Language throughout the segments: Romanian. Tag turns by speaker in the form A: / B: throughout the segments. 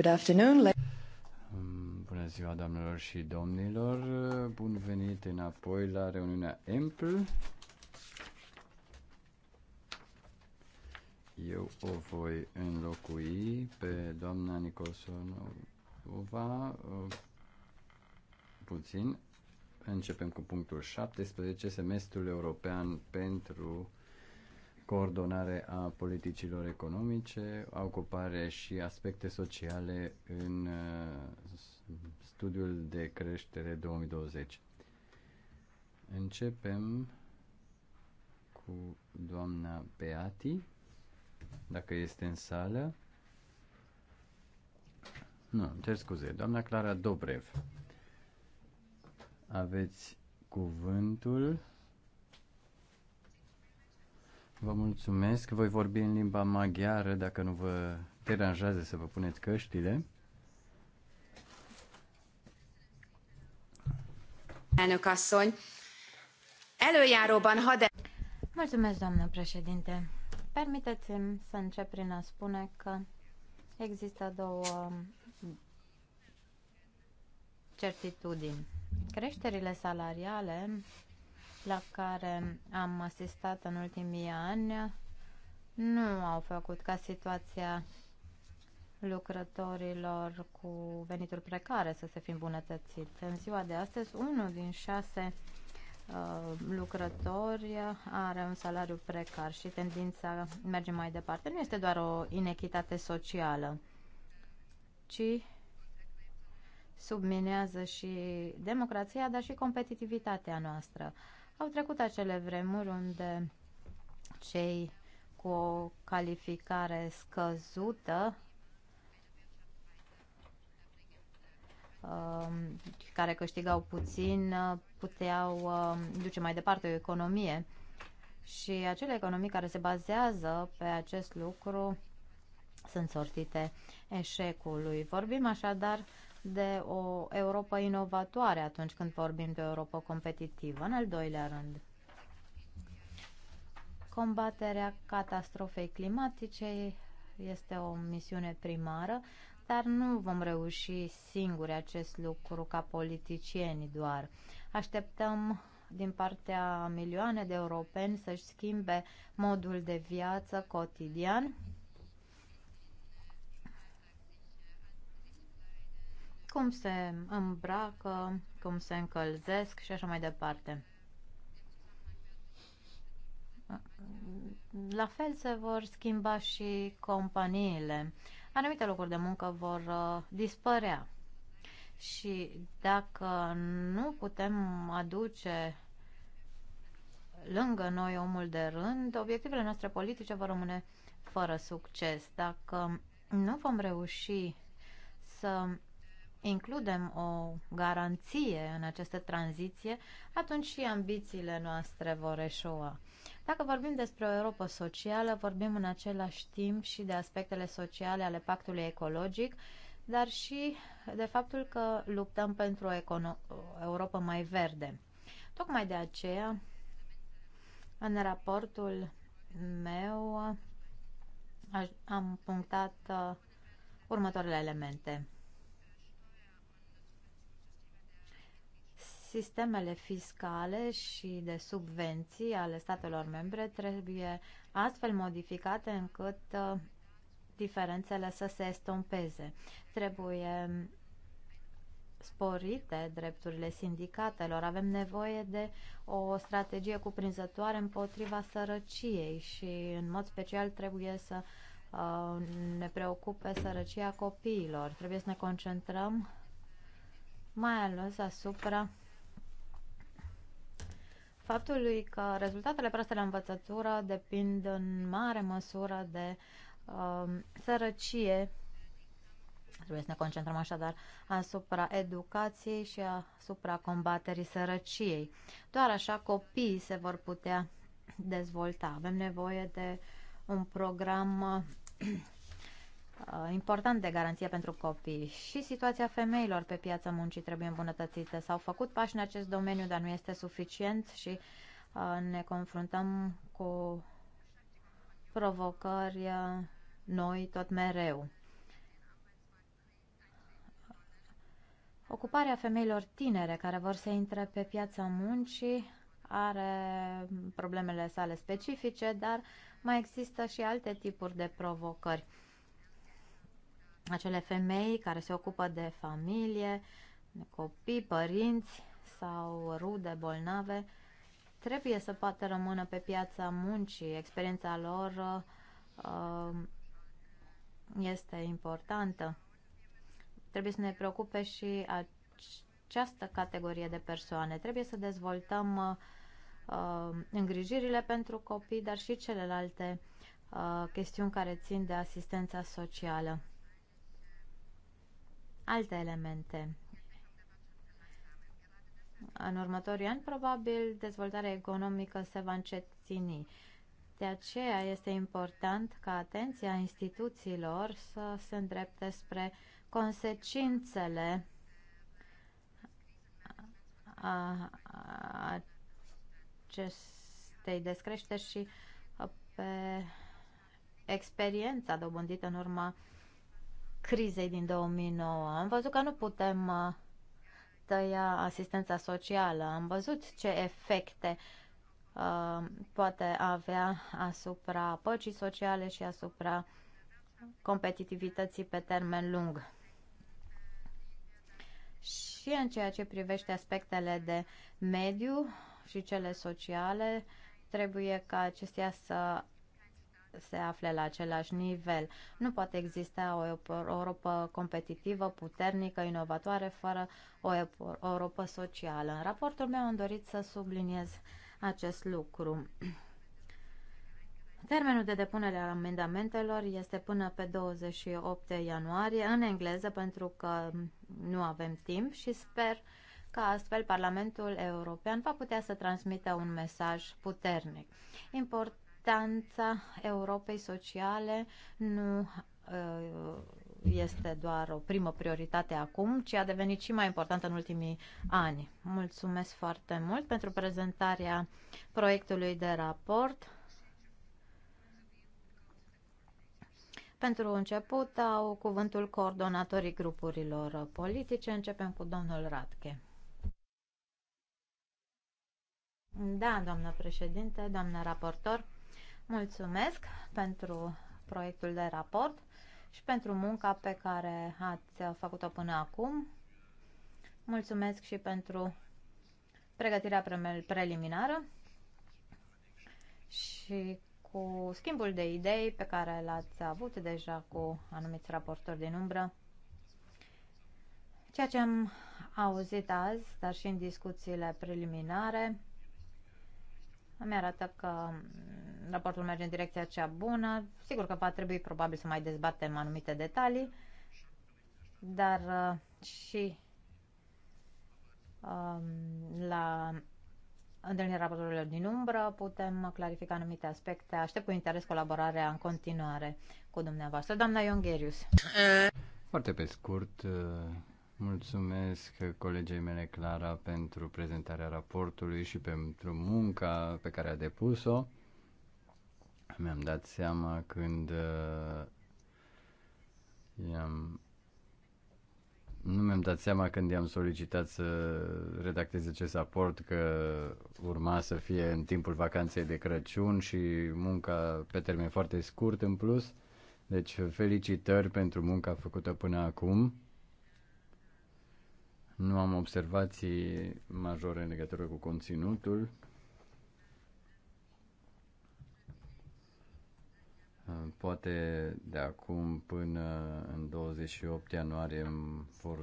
A: Good afternoon.
B: Bună ziua, doamnelor și domnilor. Bun venit înapoi la reuniunea EMPL. Eu o voi înlocui pe doamna Nicolsonova puțin. Începem cu punctul 17, semestrul european pentru coordonare a politicilor economice, ocupare și aspecte sociale în uh, studiul de creștere 2020. Începem cu doamna Beati, dacă este în sală. Nu, îmi cer scuze, doamna Clara Dobrev. Aveți cuvântul Vă mulțumesc. Voi vorbi în limba maghiară dacă nu vă deranjează să vă puneți căștile.
C: Elnök asszony, előjáróban hadd... Mulțumesc, doamnă președinte. Permiteți-mi să încep prin a spune că există două certitudini. Creșterile salariale la care am asistat în ultimii ani nu au făcut ca situația lucrătorilor cu venituri precare să se fi îmbunătățit. În ziua de astăzi, unul din șase uh, lucrători are un salariu precar și tendința merge mai departe. Nu este doar o inechitate socială, ci subminează și democrația, dar și competitivitatea noastră. Uh, au trecut acele vremuri unde cei cu o calificare scăzută um, care câștigau puțin puteau um, duce mai departe o economie și acele economii care se bazează pe acest lucru sunt sortite eșecului. Vorbim așadar de o Europa inovatoare atunci când vorbim de o Europa competitivă. În al doilea rând, combaterea catastrofei climatice este o misiune primară, dar nu vom reuși singuri acest lucru ca politicieni doar. Așteptăm din partea milioane de europeni să-și schimbe modul de viață cotidian cum se îmbracă, cum se încălzesc și așa mai departe. La fel se vor schimba și companiile. Anumite locuri de muncă vor uh, dispărea. Și dacă nu putem aduce lângă noi omul de rând, obiectivele noastre politice vor rămâne fără succes. Dacă nu vom reuși să includem o garanție în această tranziție, atunci și ambițiile noastre vor eșua. Dacă vorbim despre o Europa socială, vorbim în același timp și de aspectele sociale ale pactului ecologic, dar și de faptul că luptăm pentru o Europa mai verde. Tocmai de aceea, în raportul meu, am punctat uh, următoarele elemente Sistemele fiscale și de subvenții ale statelor membre trebuie astfel modificate încât uh, diferențele să se estompeze. Trebuie sporite drepturile sindicatelor. Avem nevoie de o strategie cuprinzătoare împotriva sărăciei și, în mod special, trebuie să uh, ne preocupe sărăcia copiilor. Trebuie să ne concentrăm mai ales asupra faptului că rezultatele proaste la învățătură depind în mare măsură de uh, sărăcie. Trebuie să ne concentrăm așadar asupra educației și asupra combaterii sărăciei. Doar așa copiii se vor putea dezvolta. Avem nevoie de un program uh, Uh, important de garanție pentru copii și situația femeilor pe piața muncii trebuie îmbunătățită. S-au făcut pași în acest domeniu, dar nu este suficient și uh, ne confruntăm cu provocări uh, noi tot mereu. Ocuparea femeilor tinere care vor să intre pe piața muncii are problemele sale specifice, dar mai există și alte tipuri de provocări acele femei care se ocupă de familie, de copii, părinți sau rude bolnave, trebuie să poată rămână pe piața muncii. Experiența lor uh, este importantă. Trebuie să ne preocupe și această categorie de persoane. Trebuie să dezvoltăm uh, îngrijirile pentru copii, dar și celelalte uh, chestiuni care țin de asistența socială alte elemente. În următorii ani, probabil, dezvoltarea economică se va încetini. De aceea este important ca atenția instituțiilor să se îndrepte spre consecințele a acestei descreșteri și pe experiența dobândită în urma crizei din 2009. Am văzut că nu putem uh, tăia asistența socială. Am văzut ce efecte uh, poate avea asupra păcii sociale și asupra competitivității pe termen lung. Și în ceea ce privește aspectele de mediu și cele sociale, trebuie ca acestea să se afle la același nivel. Nu poate exista o Europa competitivă, puternică, inovatoare, fără o Europa socială. În raportul meu am dorit să subliniez acest lucru. Termenul de depunere a amendamentelor este până pe 28 ianuarie în engleză pentru că nu avem timp și sper că astfel Parlamentul European va putea să transmită un mesaj puternic. Important Distanța Europei sociale nu uh, este doar o primă prioritate acum, ci a devenit și mai importantă în ultimii ani. Mulțumesc foarte mult pentru prezentarea proiectului de raport. Pentru început au cuvântul coordonatorii grupurilor politice. Începem cu domnul Radke. Da, doamnă președinte, doamnă raportor. Mulțumesc pentru proiectul de raport și pentru munca pe care ați făcut-o până acum. Mulțumesc și pentru pregătirea preliminară și cu schimbul de idei pe care l-ați avut deja cu anumiți raportori din umbră. Ceea ce am auzit azi, dar și în discuțiile preliminare, îmi arată că mm, raportul merge în direcția cea bună. Sigur că va trebui probabil să mai dezbatem anumite detalii, dar uh, și um, la întâlnirea raporturilor din umbră putem clarifica anumite aspecte. Aștept cu interes colaborarea în continuare cu dumneavoastră. Doamna Iongherius.
B: Foarte pe scurt, uh, Mulțumesc colegei mele Clara pentru prezentarea raportului și pentru munca pe care a depus-o. Mi-am dat seama când uh, i-am nu mi-am dat seama când i-am solicitat să redactez acest raport că urma să fie în timpul vacanței de Crăciun și munca pe termen foarte scurt în plus. Deci felicitări pentru munca făcută până acum nu am observații majore în legătură cu conținutul. Poate de acum până în 28 ianuarie vor,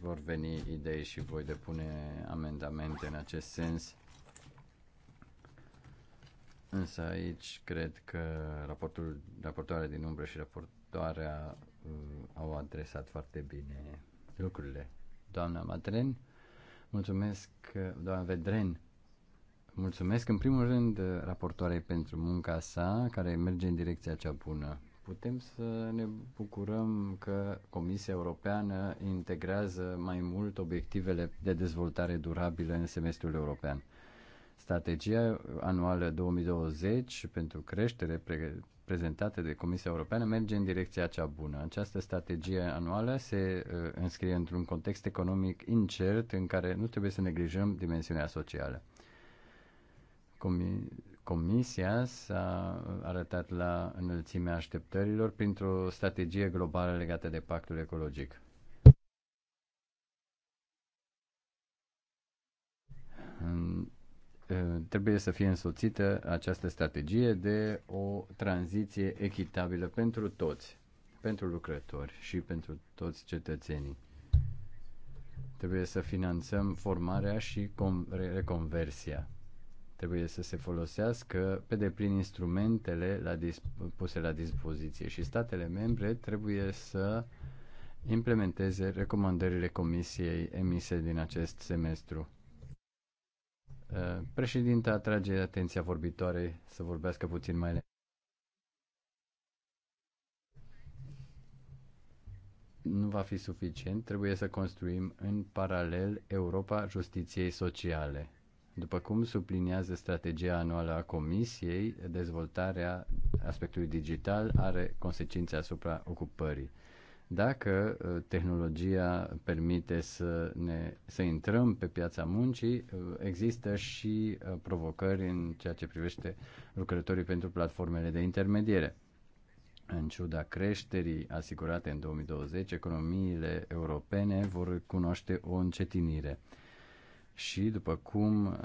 B: vor veni idei și voi depune amendamente în acest sens. Însă aici cred că raportul, raportoarea din umbră și raportoarea uh, au adresat foarte bine lucrurile doamna Madren. Mulțumesc, doamna Vedren. Mulțumesc, în primul rând, raportoarei pentru munca sa, care merge în direcția cea bună. Putem să ne bucurăm că Comisia Europeană integrează mai mult obiectivele de dezvoltare durabilă în semestrul european. Strategia anuală 2020 pentru creștere prezentată de Comisia Europeană merge în direcția cea bună. Această strategie anuală se uh, înscrie într-un context economic incert în care nu trebuie să neglijăm dimensiunea socială. Comi- Comisia s-a arătat la înălțimea așteptărilor printr-o strategie globală legată de pactul ecologic. Eh, trebuie să fie însoțită această strategie de o tranziție echitabilă pentru toți, pentru lucrători și pentru toți cetățenii. Trebuie să finanțăm formarea și reconversia. Trebuie să se folosească pe deplin instrumentele la puse la dispoziție și statele membre trebuie să implementeze recomandările Comisiei emise din acest semestru Eh, Președinta atrage atenția vorbitoare să vorbească puțin mai lent. Nu va fi suficient, trebuie să construim în paralel Europa Justiției Sociale. După cum subliniază strategia anuală a Comisiei, dezvoltarea aspectului digital are consecințe asupra ocupării. Dacă uh, tehnologia permite să, ne, să intrăm pe piața muncii, uh, există și uh, provocări în ceea ce privește lucrătorii pentru platformele de intermediere. În ciuda creșterii asigurate în 2020, economiile europene vor cunoaște o încetinire. Și, după cum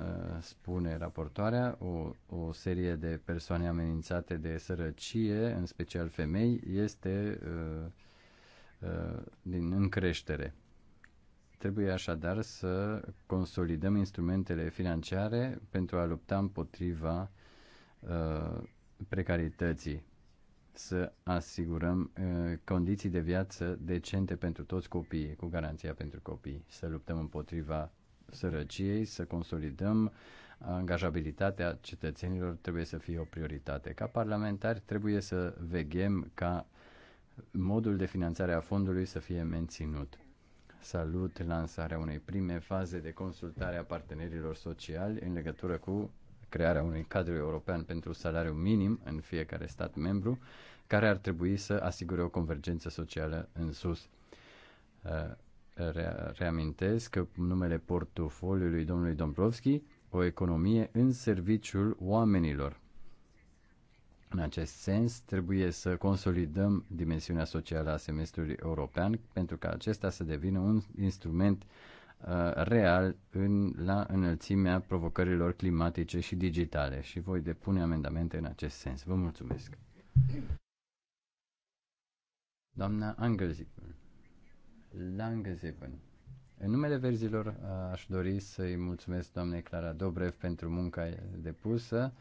B: spune raportoarea, o, o serie de persoane amenințate de sărăcie, în special femei, este uh, Uh, din în creștere. Trebuie așadar să consolidăm instrumentele financiare pentru a lupta împotriva uh, precarității, să asigurăm uh, condiții de viață decente pentru toți copiii, cu garanția pentru copii, să luptăm împotriva sărăciei, să consolidăm angajabilitatea cetățenilor trebuie să fie o prioritate. Ca parlamentari trebuie să veghem ca modul de finanțare a fondului să fie menținut. Salut lansarea unei prime faze de consultare a partenerilor sociali în legătură cu crearea unui cadru european pentru salariu minim în fiecare stat membru, care ar trebui să asigure o convergență socială în sus. Uh, reamintesc că numele portofoliului domnului Dombrovski, o economie în serviciul oamenilor. În acest sens, trebuie să consolidăm dimensiunea socială a semestrului european pentru ca acesta să devină un instrument uh, real în, la înălțimea provocărilor climatice și digitale și voi depune amendamente în acest sens. Vă mulțumesc. Doamna Angelzipen. Langezipen. În numele verzilor uh, aș dori să-i mulțumesc doamnei Clara Dobrev pentru munca depusă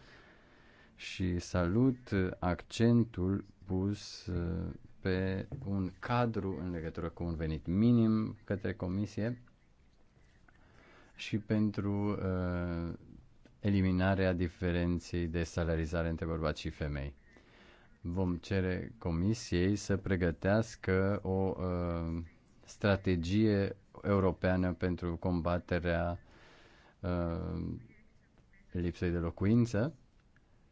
B: și salut accentul pus uh, pe un cadru în legătură cu un venit minim către comisie și pentru uh, eliminarea diferenței de salarizare între bărbați și femei. Vom cere comisiei să pregătească o uh, strategie europeană pentru combaterea uh, lipsei de locuință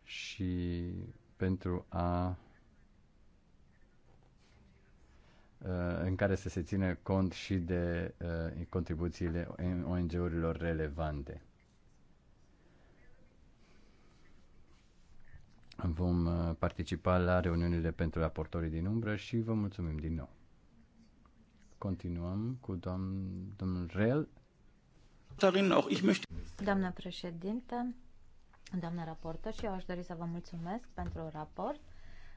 B: și pentru a uh, în care să se țină cont și de uh, contribuțiile ONG-urilor relevante. Vom uh, participa la reuniunile pentru raportorii din umbră și vă mulțumim din nou. Continuăm cu doamn, domnul Rel.
C: Doamna președinte, Doamna raportor, și eu aș dori să vă mulțumesc pentru raport.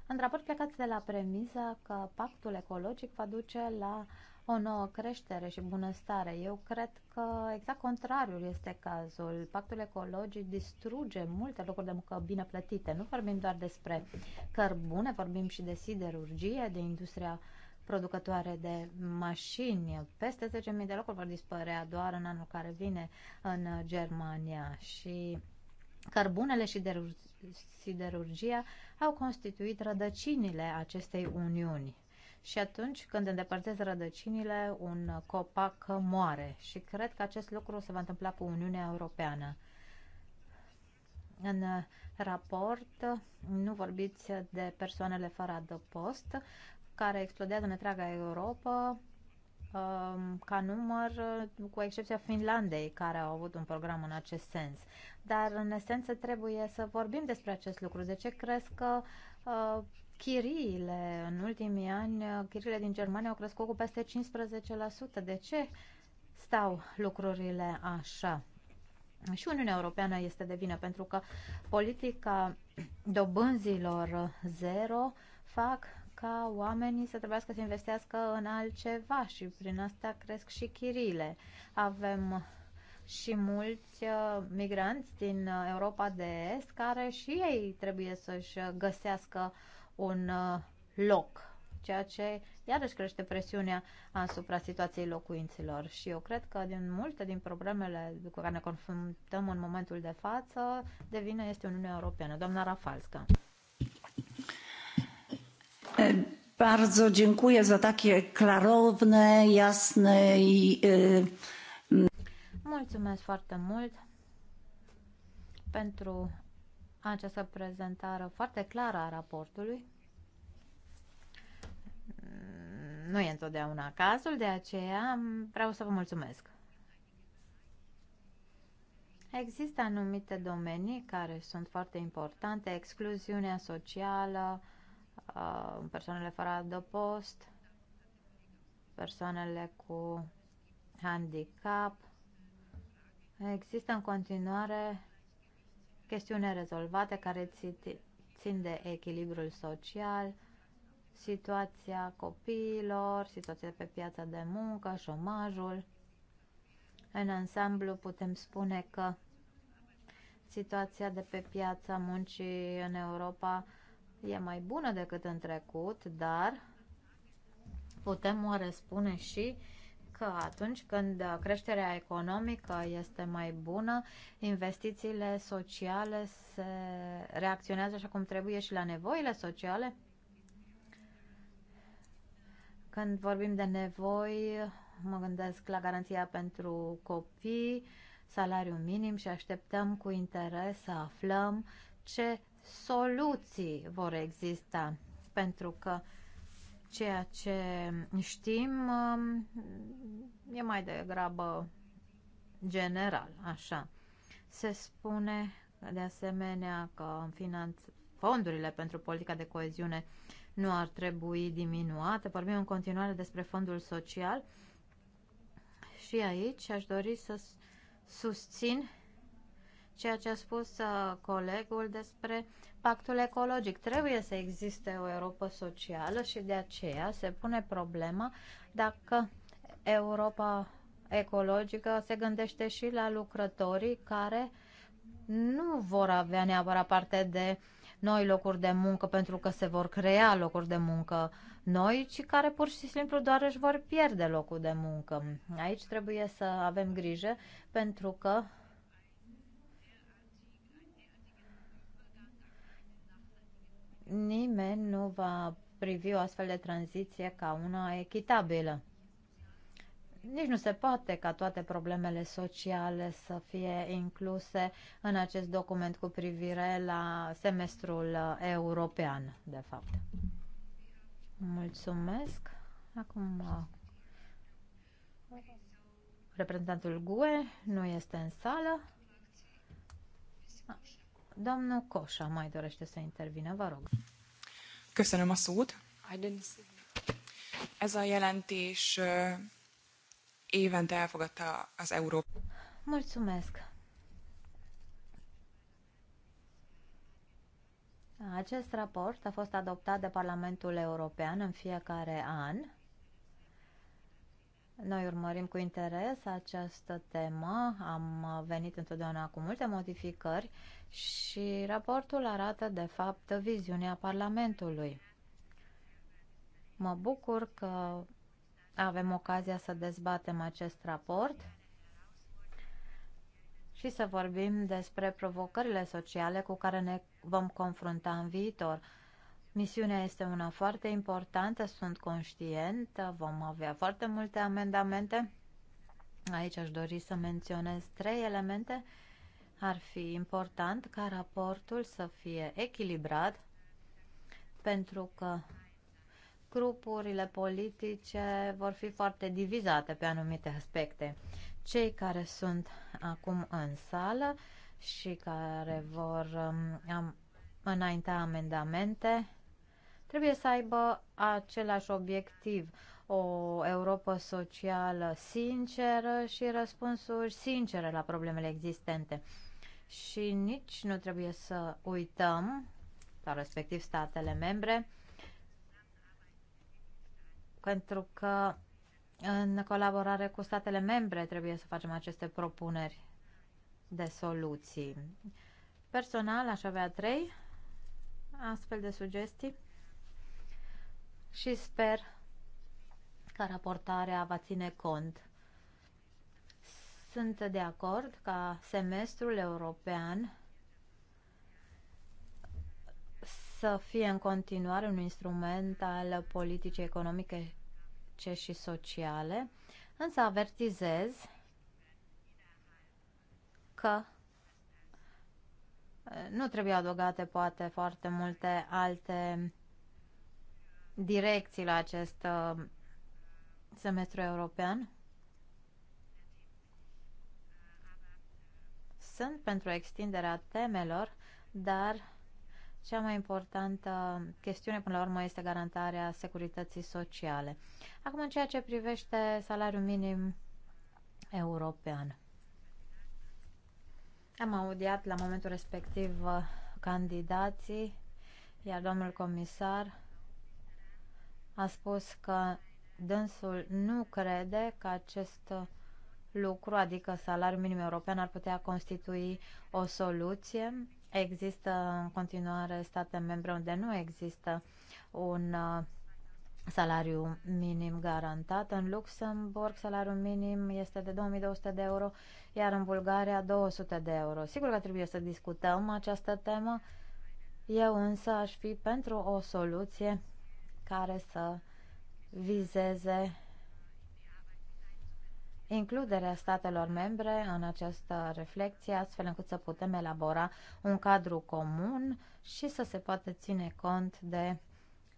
C: În raport plecați de la premisa că pactul ecologic va duce la o nouă creștere și bunăstare. Eu cred că exact contrariul este cazul. Pactul ecologic distruge multe locuri de muncă bine plătite. Nu vorbim doar despre cărbune, vorbim și de siderurgie, de industria producătoare de mașini. Peste 10.000 de locuri vor dispărea doar în anul care vine în Germania și Cărbunele și siderurgia au constituit rădăcinile acestei uniuni. Și atunci când îndepărtez rădăcinile, un copac moare. Și cred că acest lucru se va întâmpla cu Uniunea Europeană. În raport nu vorbiți de persoanele fără adăpost, care explodează în întreaga Europa, Um, ca număr, uh, cu excepția Finlandei, care au avut un program în acest sens. Dar, în esență, trebuie să vorbim despre acest lucru. De ce crezi că uh, chiriile în ultimii ani, uh, chiriile din Germania au crescut cu peste 15%? De ce stau lucrurile așa? Și Uniunea Europeană este de vină, pentru că politica dobânzilor zero fac ca oamenii să trebuiască să investească în altceva și prin asta cresc și chirile. Avem și mulți uh, migranți din uh, Europa de Est care și ei trebuie să-și găsească un uh, loc ceea ce iarăși crește presiunea asupra situației locuinților. Și eu cred că din multe din problemele cu care ne confruntăm în momentul de față, devine este Uniunea Europeană. Doamna Rafalscă.
D: Bardzo dziękuję za takie klarowne, jasne
A: i...
C: Mulțumesc foarte mult pentru această prezentare foarte clară a raportului. Nu e întotdeauna cazul, de aceea vreau să vă mulțumesc. Există anumite domenii care sunt foarte importante, excluziunea socială, Uh, persoanele fără adăpost, persoanele cu handicap. Există în continuare chestiuni rezolvate care țin de echilibrul social, situația copiilor, situația pe piața de muncă, șomajul. În ansamblu putem spune că situația de pe piața muncii în Europa e mai bună decât în trecut, dar putem oare spune și că atunci când creșterea economică este mai bună, investițiile sociale se reacționează așa cum trebuie și la nevoile sociale? Când vorbim de nevoi, mă gândesc la garanția pentru copii, salariu minim și așteptăm cu interes să aflăm ce soluții vor exista, pentru că ceea ce știm um, e mai degrabă general, așa. Se spune de asemenea că finanț- fondurile pentru politica de coeziune nu ar trebui diminuate. Vorbim în continuare despre fondul social și aici aș dori să susțin ceea ce a spus uh, colegul despre pactul ecologic. Trebuie să existe o Europa socială și de aceea se pune problema dacă Europa ecologică se gândește și la lucrătorii care nu vor avea neapărat parte de noi locuri de muncă pentru că se vor crea locuri de muncă noi, ci care pur și simplu doar își vor pierde locul de muncă. Aici trebuie să avem grijă pentru că nimeni nu va privi o astfel de tranziție ca una echitabilă. Nici nu se poate ca toate problemele sociale să fie incluse în acest document cu privire la semestrul uh, european, de fapt. Mulțumesc. Acum uh, reprezentantul GUE nu este în sală. Domnul Coșa mai dorește să intervină, vă rog.
B: Köszönöm a szót.
C: Ez a jelentés évente elfogadta az Európa. Mulțumesc. Acest raport a fost adoptat de Parlamentul European în fiecare an noi urmărim cu interes această temă. Am venit întotdeauna cu multe modificări și raportul arată, de fapt, viziunea Parlamentului. Mă bucur că avem ocazia să dezbatem acest raport și să vorbim despre provocările sociale cu care ne vom confrunta în viitor. Misiunea este una foarte importantă, sunt conștient, vom avea foarte multe amendamente. Aici aș dori să menționez trei elemente. Ar fi important ca raportul să fie echilibrat, pentru că grupurile politice vor fi foarte divizate pe anumite aspecte. Cei care sunt acum în sală și care vor um, înainta amendamente trebuie să aibă același obiectiv, o Europa socială sinceră și răspunsuri sincere la problemele existente. Și nici nu trebuie să uităm, la respectiv statele membre, pentru că în colaborare cu statele membre trebuie să facem aceste propuneri de soluții. Personal aș avea trei astfel de sugestii și sper că raportarea va ține cont. Sunt de acord ca semestrul european să fie în continuare un instrument al politicii economice ce și sociale, însă avertizez că eh, nu trebuie adăugate poate foarte multe alte direcții la acest uh, semestru european. Sunt pentru extinderea temelor, dar cea mai importantă chestiune, până la urmă, este garantarea securității sociale. Acum, în ceea ce privește salariul minim european. Am audiat la momentul respectiv uh, candidații, iar domnul comisar a spus că dânsul nu crede că acest lucru, adică salariul minim european, ar putea constitui o soluție. Există în continuare state membre unde nu există un uh, salariu minim garantat. În Luxemburg salariul minim este de 2200 de euro, iar în Bulgaria 200 de euro. Sigur că trebuie să discutăm această temă, eu însă aș fi pentru o soluție care să vizeze includerea statelor membre în această reflexie, astfel încât să putem elabora un cadru comun și să se poată ține cont de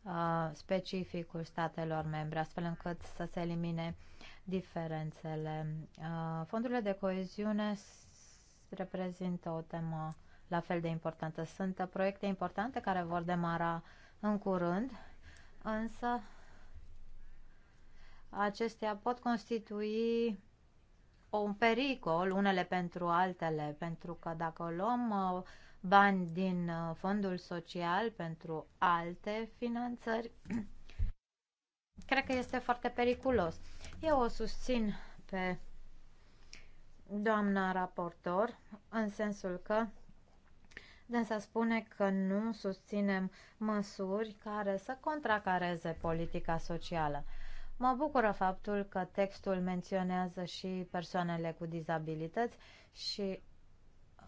C: uh, specificul statelor membre, astfel încât să se elimine diferențele. Uh, fondurile de coeziune reprezintă o temă la fel de importantă. Sunt proiecte importante care vor demara în curând însă acestea pot constitui un pericol, unele pentru altele, pentru că dacă luăm uh, bani din uh, fondul social pentru alte finanțări, cred că este foarte periculos. Eu o susțin pe doamna raportor în sensul că de se spune că nu susținem măsuri care să contracareze politica socială. Mă bucură faptul că textul menționează și persoanele cu dizabilități și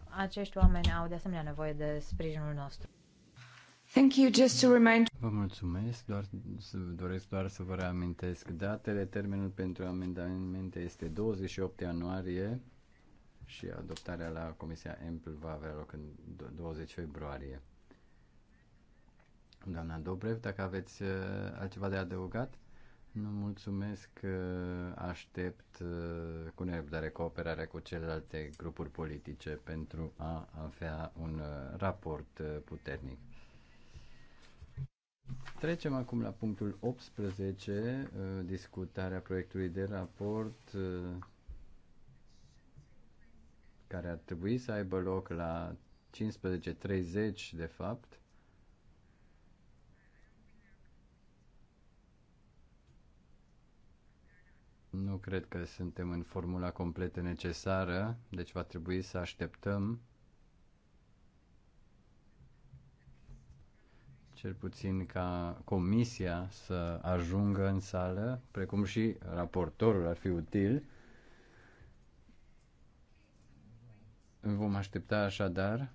C: acești oameni au de asemenea nevoie de sprijinul nostru.
D: Thank you, just to remind...
B: Vă mulțumesc, doar, doresc doar să vă reamintesc datele. Termenul pentru amendamente este 28 ianuarie și adoptarea la Comisia Ample va avea loc în 20 februarie. Doamna Dobrev, dacă aveți uh, altceva de adăugat, nu mulțumesc, uh, aștept uh, cu nerăbdare cooperarea cu celelalte grupuri politice pentru a avea un raport puternic. Trecem acum la punctul 18, discutarea proiectului de raport care ar trebui să aibă loc la 15.30 de fapt, Nu cred că suntem în formula completă necesară, deci va trebui să așteptăm cel puțin ca comisia să ajungă în sală, precum și raportorul ar fi util Vom aștepta așadar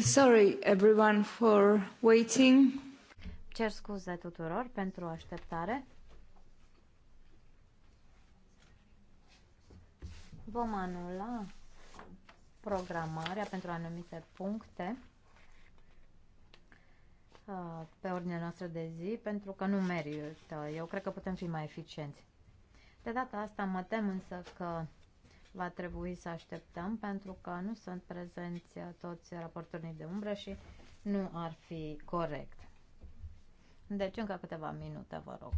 C: sorry everyone for waiting. Cer scuze tuturor pentru așteptare. Vom anula programarea pentru anumite puncte uh, pe ordinea noastră de zi pentru că nu merită. Eu cred că putem fi mai eficienți. De data asta mă tem însă că va trebui să așteptăm pentru că nu sunt prezenți toți raportorii de umbră și nu ar fi corect. Deci încă câteva minute, vă rog.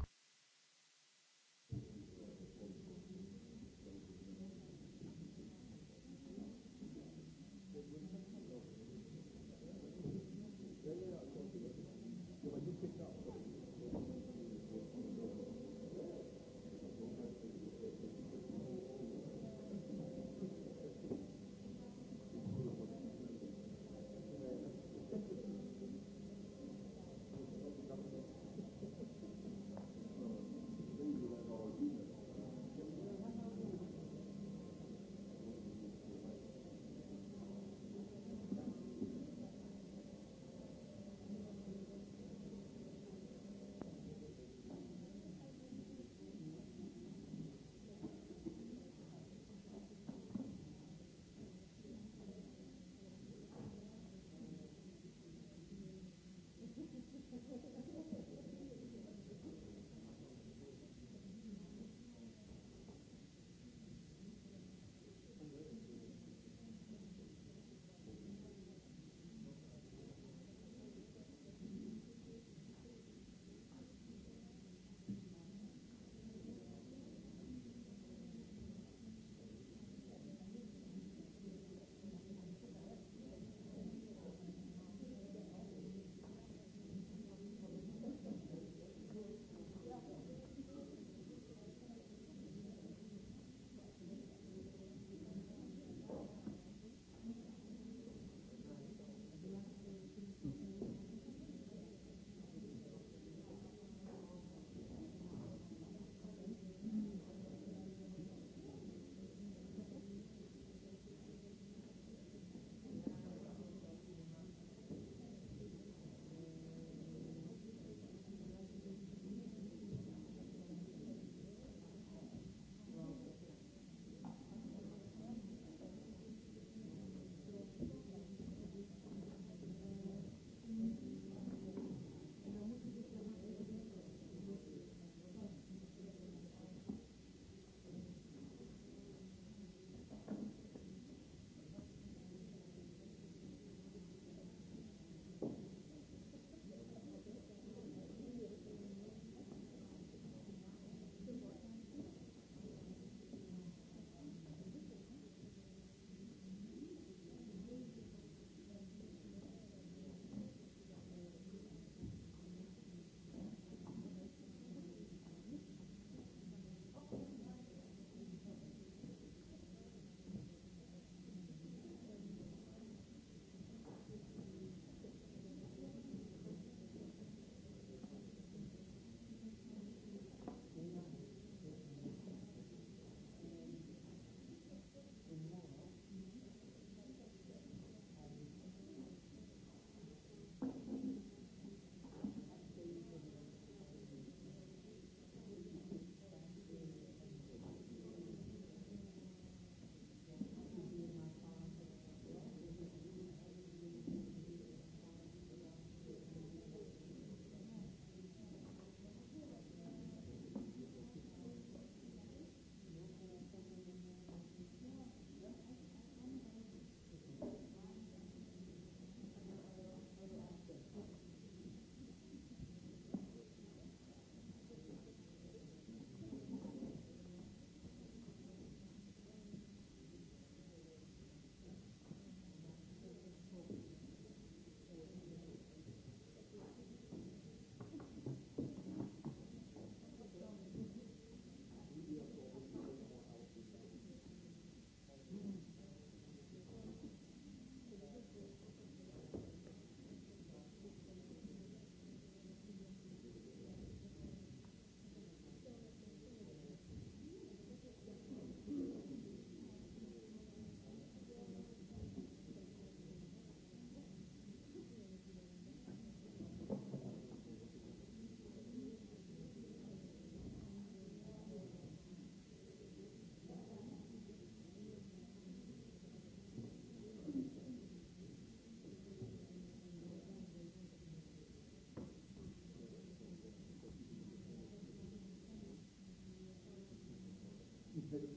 A: servire.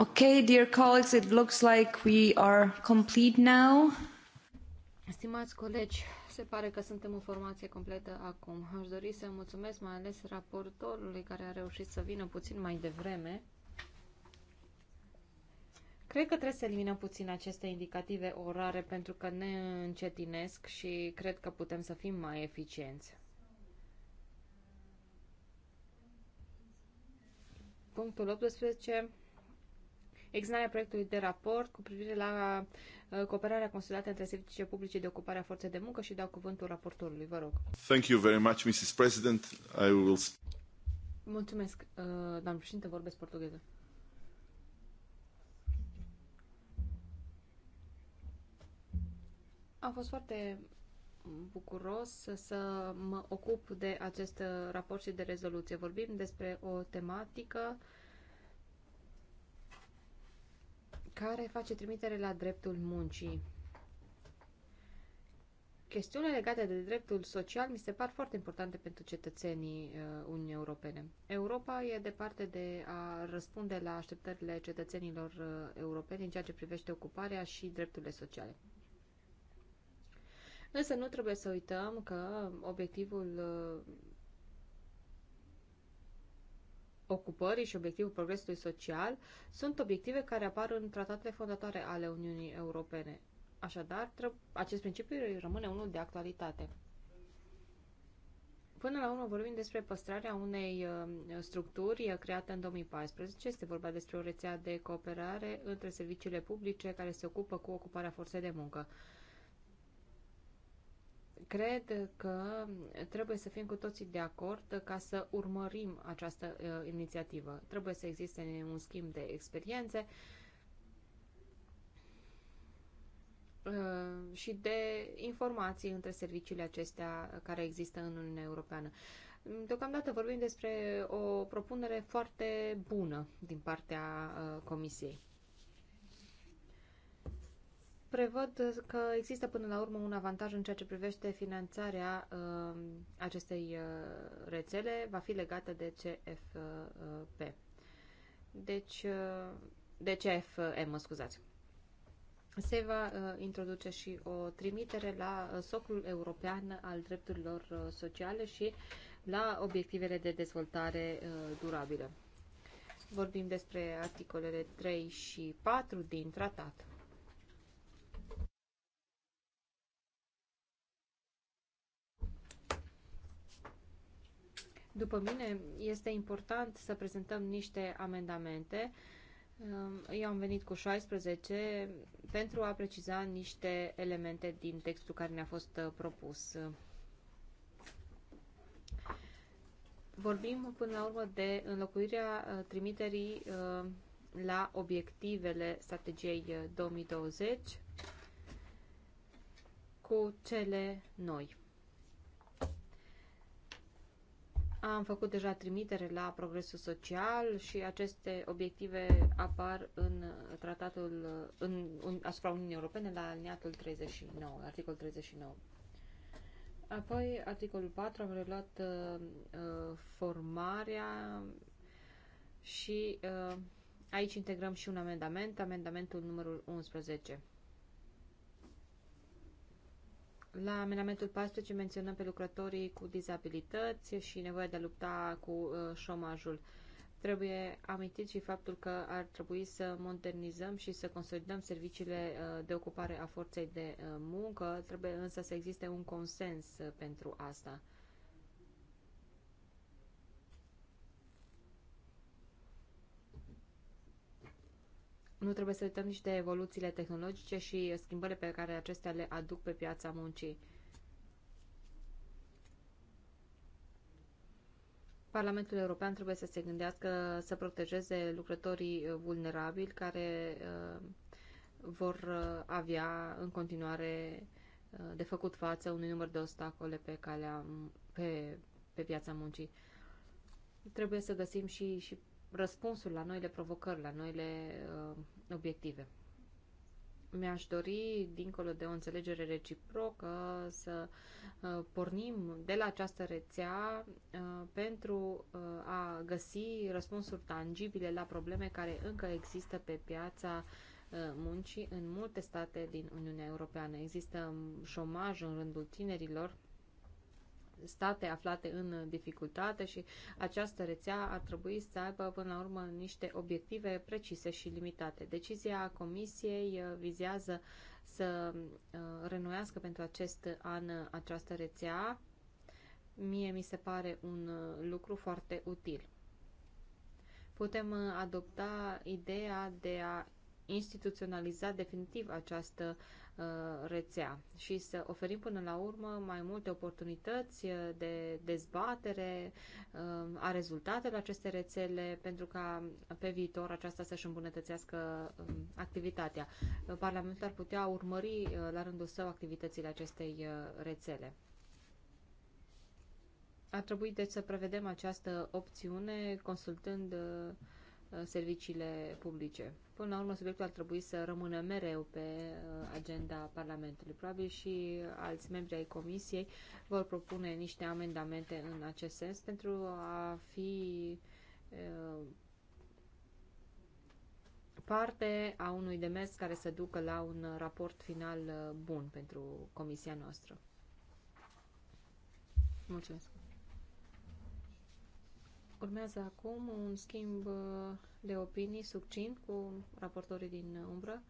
D: Ok, dear colleagues, it looks like we are complete now. Stimați colegi, se pare că suntem în formație completă acum. Aș dori să mulțumesc mai ales raportorului care a reușit să vină puțin mai devreme. Cred că trebuie să eliminăm puțin aceste indicative orare pentru că ne încetinesc și cred că putem să fim mai eficienți. Punctul 18 examinarea proiectului de raport cu privire la uh, cooperarea consolidată între serviciile publice de ocupare a forței de muncă și dau cuvântul raportorului. Vă rog.
A: Thank you very much, Mrs. President.
B: I will...
D: Mulțumesc, uh, doamnă președinte, vorbesc portugheză. Am fost foarte bucuros să mă ocup de acest uh, raport și de rezoluție. Vorbim despre o tematică uh, care face trimitere la dreptul muncii. Chestiunile legate de dreptul social mi se par foarte importante pentru cetățenii uh, Uniunii Europene. Europa e departe de a răspunde la așteptările cetățenilor uh, europeni în ceea ce privește ocuparea și drepturile sociale. Însă nu trebuie să uităm că obiectivul uh, ocupării și obiectivul progresului social sunt obiective care apar în tratatele fondatoare ale Uniunii Europene. Așadar, acest principiu rămâne unul de actualitate. Până la urmă vorbim despre păstrarea unei uh, structuri create în 2014. Este vorba despre o rețea de cooperare între serviciile publice care se ocupă cu ocuparea forței de muncă. Cred că trebuie să fim cu toții de acord ca să urmărim această uh, inițiativă. Trebuie să existe un schimb de experiențe uh, și de informații între serviciile acestea care există în Uniunea Europeană. Deocamdată vorbim despre o propunere foarte bună din partea uh, Comisiei prevăd că există până la urmă un avantaj în ceea ce privește finanțarea uh, acestei uh, rețele, va fi legată de CFP. Deci, uh, de CFM, mă scuzați. Se va uh, introduce și o trimitere la uh, socul european al drepturilor uh, sociale și la obiectivele de dezvoltare uh, durabilă. Vorbim despre articolele 3 și 4 din tratat. După mine, este important să prezentăm niște amendamente. Um, eu am venit cu 16 pentru a preciza niște elemente din textul care ne-a fost uh, propus. Vorbim până la urmă de înlocuirea uh, trimiterii uh, la obiectivele strategiei 2020 cu cele noi. Am făcut deja trimitere la progresul social și aceste obiective apar în tratatul în, în, asupra Uniunii Europene la alineatul 39, articol 39. Apoi, articolul 4, am reluat uh, uh, formarea și uh, aici integrăm și un amendament, amendamentul numărul 11. La amendamentul 14 menționăm pe lucrătorii cu dizabilități și nevoia de a lupta cu uh, șomajul. Trebuie amintit și faptul că ar trebui să modernizăm și să consolidăm serviciile uh, de ocupare a forței de uh, muncă, trebuie însă să existe un consens uh, pentru asta. nu trebuie să uităm nici de evoluțiile tehnologice și schimbările pe care acestea le aduc pe piața muncii. Parlamentul European trebuie să se gândească să protejeze lucrătorii vulnerabili care uh, vor uh, avea în continuare uh, de făcut față unui număr de obstacole pe, calea, pe, pe piața muncii. Trebuie să găsim și, și răspunsul la noile provocări, la noile uh, obiective. Mi-aș dori, dincolo de o înțelegere reciprocă, să uh, pornim de la această rețea uh, pentru uh, a găsi răspunsuri tangibile la probleme care încă există pe piața uh, muncii în multe state din Uniunea Europeană. Există um, șomaj în rândul tinerilor, state aflate în dificultate și această rețea ar trebui să aibă până la urmă niște obiective precise și limitate. Decizia Comisiei uh, vizează să uh, renuiască pentru acest an uh, această rețea. Mie mi se pare un lucru foarte util. Putem adopta ideea de a instituționaliza definitiv această Uh, rețea și să oferim până la urmă mai multe oportunități uh, de dezbatere uh, a rezultatelor aceste rețele pentru ca pe viitor aceasta să-și îmbunătățească um, activitatea. Parlamentul ar putea urmări la rândul său activitățile acestei rețele. Ar trebui deci să prevedem această opțiune consultând uh, Uh, serviciile publice. Până la urmă, subiectul ar trebui să rămână mereu pe uh, agenda Parlamentului. Probabil și alți membri ai Comisiei vor propune niște amendamente în acest sens pentru a fi uh, parte a unui demers care să ducă la un raport final bun pentru Comisia noastră. Mulțumesc! Urmează acum un schimb uh, de opinii succint cu raportorii din umbră.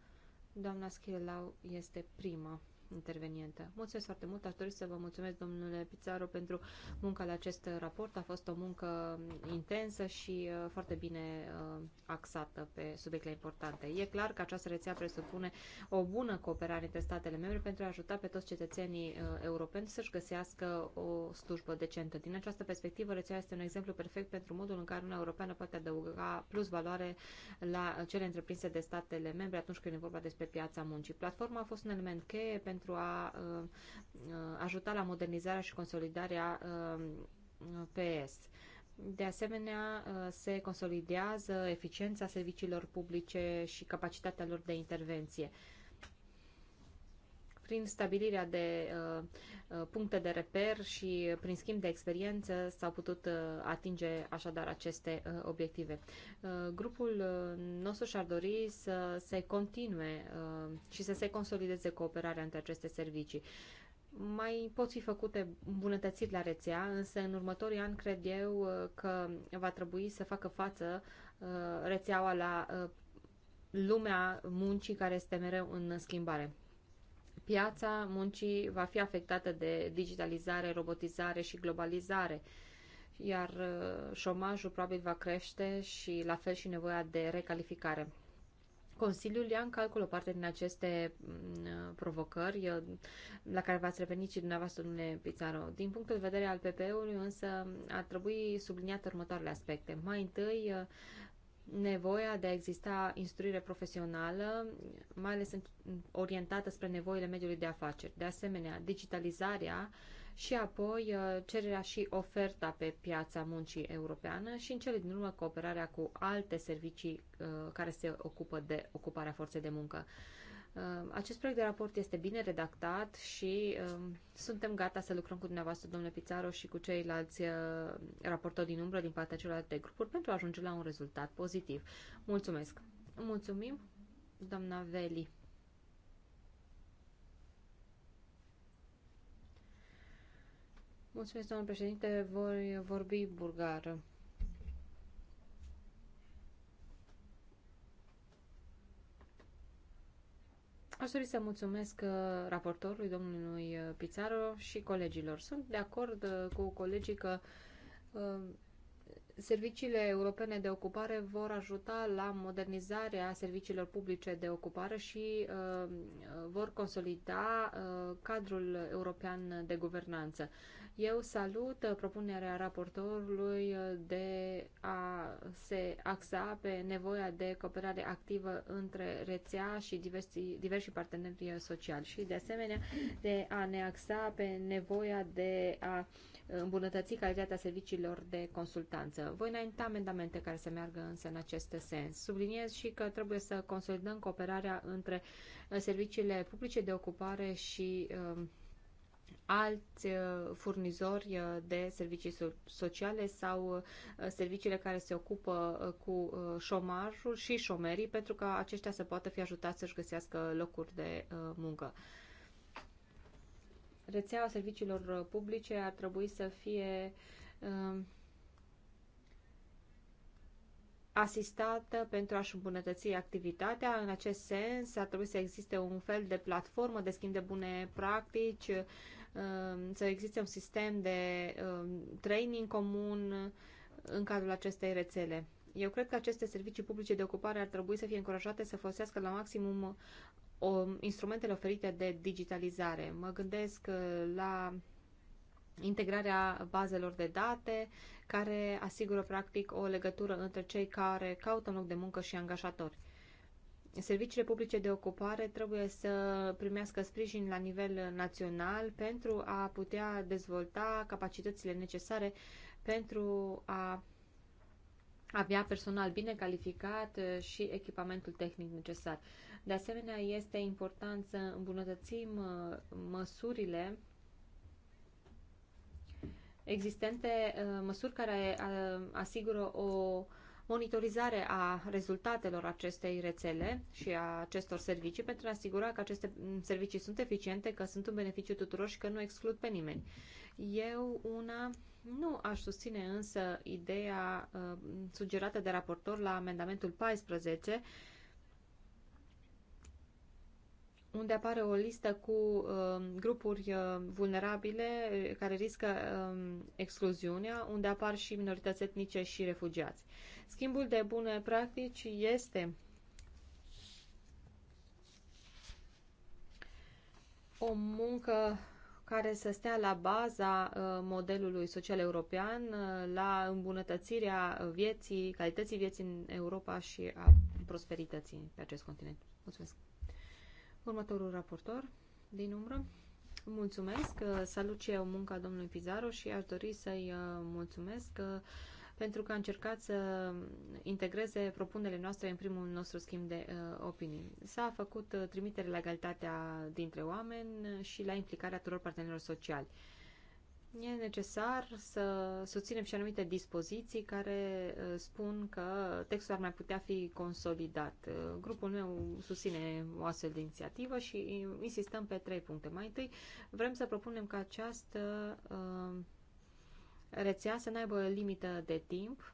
D: Doamna Schilau este prima intervenientă. Mulțumesc foarte mult, aș dori să vă mulțumesc, domnule Pizarro, pentru munca la acest raport. A fost o muncă intensă și uh, foarte bine uh, axată pe subiectele importante. E clar că această rețea presupune o bună cooperare între statele membre pentru a ajuta pe toți cetățenii uh, europeni să-și găsească o slujbă decentă. Din această perspectivă, rețeaua este un exemplu perfect pentru modul în care Uniunea Europeană poate adăuga plus valoare la cele întreprinse de statele membre atunci când e vorba despre piața muncii. Platforma a fost un element cheie pentru pentru a uh, uh, ajuta la modernizarea și consolidarea uh, PS. De asemenea, se consolidează eficiența serviciilor publice și capacitatea lor de intervenție prin stabilirea de uh, uh, puncte de reper și prin schimb de experiență s-au putut uh, atinge așadar aceste obiective. Grupul nostru și-ar dori să se continue și să se consolideze cooperarea între aceste servicii mai pot fi făcute îmbunătățiri la rețea, însă în următorii ani cred eu că va trebui să facă față rețeaua la lumea muncii care este mereu în schimbare piața muncii va fi afectată de digitalizare, robotizare și globalizare iar uh, șomajul probabil va crește și la fel și nevoia de recalificare. Consiliul ia în calcul o parte din aceste mm, provocări uh, la care v-ați revenit și dumneavoastră, domnule Pizarro. Din punctul de vedere al PPE-ului, însă, ar trebui subliniate următoarele aspecte. Mai întâi, uh, nevoia de a exista instruire profesională, mai ales orientată spre nevoile mediului de afaceri. De asemenea, digitalizarea și apoi uh, cererea și oferta pe piața muncii europeană și în cele din urmă cooperarea cu alte servicii uh, care se ocupă de ocuparea forței de muncă. Um, acest proiect de raport este bine redactat și um, suntem gata să lucrăm cu dumneavoastră, domnule Pizarro, și cu ceilalți uh, raportori din umbră din partea celorlalte grupuri pentru a ajunge la un rezultat pozitiv. Mulțumesc! Mulțumim, doamna Veli! Mulțumesc, domnul președinte. Voi vorbi bulgară. Aș dori să mulțumesc uh, raportorului, domnului uh, Pizarro și colegilor. Sunt de acord uh, cu colegii că Serviciile europene de ocupare vor ajuta la modernizarea serviciilor publice de ocupare și uh, vor consolida uh, cadrul european de guvernanță. Eu salut uh, propunerea raportorului uh, de a se axa pe nevoia de cooperare activă între rețea și diversi, diversi parteneri uh, sociali și, de asemenea, de a ne axa pe nevoia de a uh, îmbunătăți calitatea serviciilor de consultanță. Voi înainta amendamente care să meargă însă în acest sens. Subliniez și că trebuie să consolidăm cooperarea între uh, serviciile publice de ocupare și uh, alți uh, furnizori de servicii sociale sau serviciile care se ocupă cu șomajul și șomerii pentru ca aceștia să poată fi ajutați să-și găsească locuri de muncă rețeaua serviciilor uh, publice ar trebui să fie um, asistată pentru a-și îmbunătăți activitatea. În acest sens, ar trebui să existe un fel de platformă de schimb de bune practici, um, să existe un sistem de um, training comun în cadrul acestei rețele. Eu cred că aceste servicii publice de ocupare ar trebui să fie încurajate să folosească la maximum o, instrumentele oferite de digitalizare. Mă gândesc uh, la integrarea bazelor de date care asigură practic o legătură între cei care caută un loc de muncă și angajatori. Serviciile publice de ocupare trebuie să primească sprijin la nivel național pentru a putea dezvolta capacitățile necesare pentru a avea personal bine calificat uh, și echipamentul tehnic necesar. De asemenea, este important să îmbunătățim uh, măsurile existente, uh, măsuri care uh, asigură o monitorizare a rezultatelor acestei rețele și a acestor servicii pentru a asigura că aceste mm, servicii sunt eficiente, că sunt un beneficiu tuturor și că nu exclud pe nimeni. Eu una nu aș susține însă ideea uh, sugerată de raportor la amendamentul 14 unde apare o listă cu uh, grupuri uh, vulnerabile uh, care riscă uh, excluziunea, unde apar și minorități etnice și refugiați. Schimbul de bune practici este o muncă care să stea la baza uh, modelului social european, uh, la îmbunătățirea vieții, calității vieții în Europa și a prosperității pe acest continent. Mulțumesc! Următorul raportor din umbră. Mulțumesc, uh, salut și eu munca domnului Pizarro și aș dori să-i uh, mulțumesc uh, pentru că a încercat să integreze propunerile noastre în primul nostru schimb de uh, opinii. S-a făcut uh, trimitere la egalitatea dintre oameni și la implicarea tuturor partenerilor sociali. Uh, e necesar să susținem și anumite dispoziții care uh, spun că textul ar mai putea fi consolidat. Uh, grupul meu susține o astfel de inițiativă și insistăm pe trei puncte. Mai întâi, vrem să propunem că această uh, rețea să n-aibă limită de timp,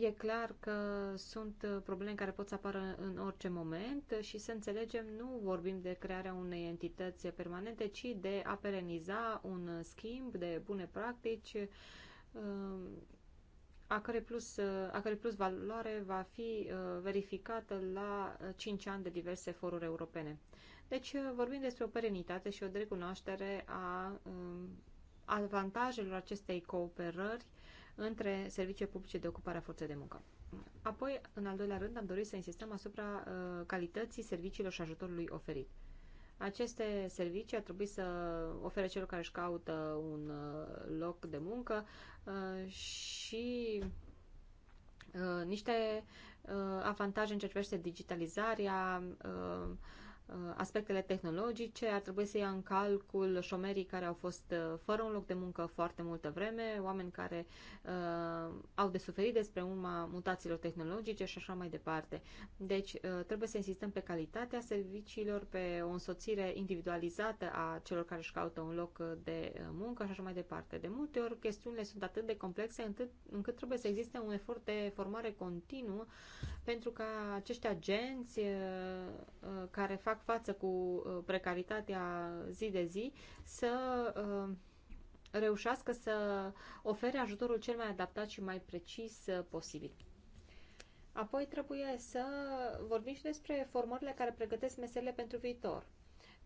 D: E clar că sunt probleme care pot să apară în orice moment și să înțelegem, nu vorbim de crearea unei entități permanente, ci de a pereniza un schimb de bune practici um, a care plus, a care plus valoare va fi uh, verificată la 5 ani de diverse foruri europene. Deci uh, vorbim despre o perenitate și o recunoaștere a um, avantajelor acestei cooperări între serviciile publice de ocupare a forței de muncă. Apoi, în al doilea rând, am dorit să insistăm asupra uh, calității serviciilor și ajutorului oferit. Aceste servicii ar trebui să ofere celor care își caută un uh, loc de muncă uh, și uh, niște uh, avantaje în ceea ce privește digitalizarea, uh, Uh, aspectele tehnologice, ar trebui să ia în calcul șomerii care au fost uh, fără un loc de muncă foarte multă vreme, oameni care uh, au de suferit despre urma mutațiilor tehnologice și așa mai departe. Deci uh, trebuie să insistăm pe calitatea serviciilor, pe o însoțire individualizată a celor care își caută un loc uh, de muncă și așa mai departe. De multe ori chestiunile sunt atât de complexe încât, încât trebuie să existe un efort de formare continuu pentru ca acești agenți uh, care fac fac față cu uh, precaritatea zi de zi, să uh, reușească să ofere ajutorul cel mai adaptat și mai precis uh, posibil. Apoi trebuie să vorbim și despre formările care pregătesc meserile pentru viitor.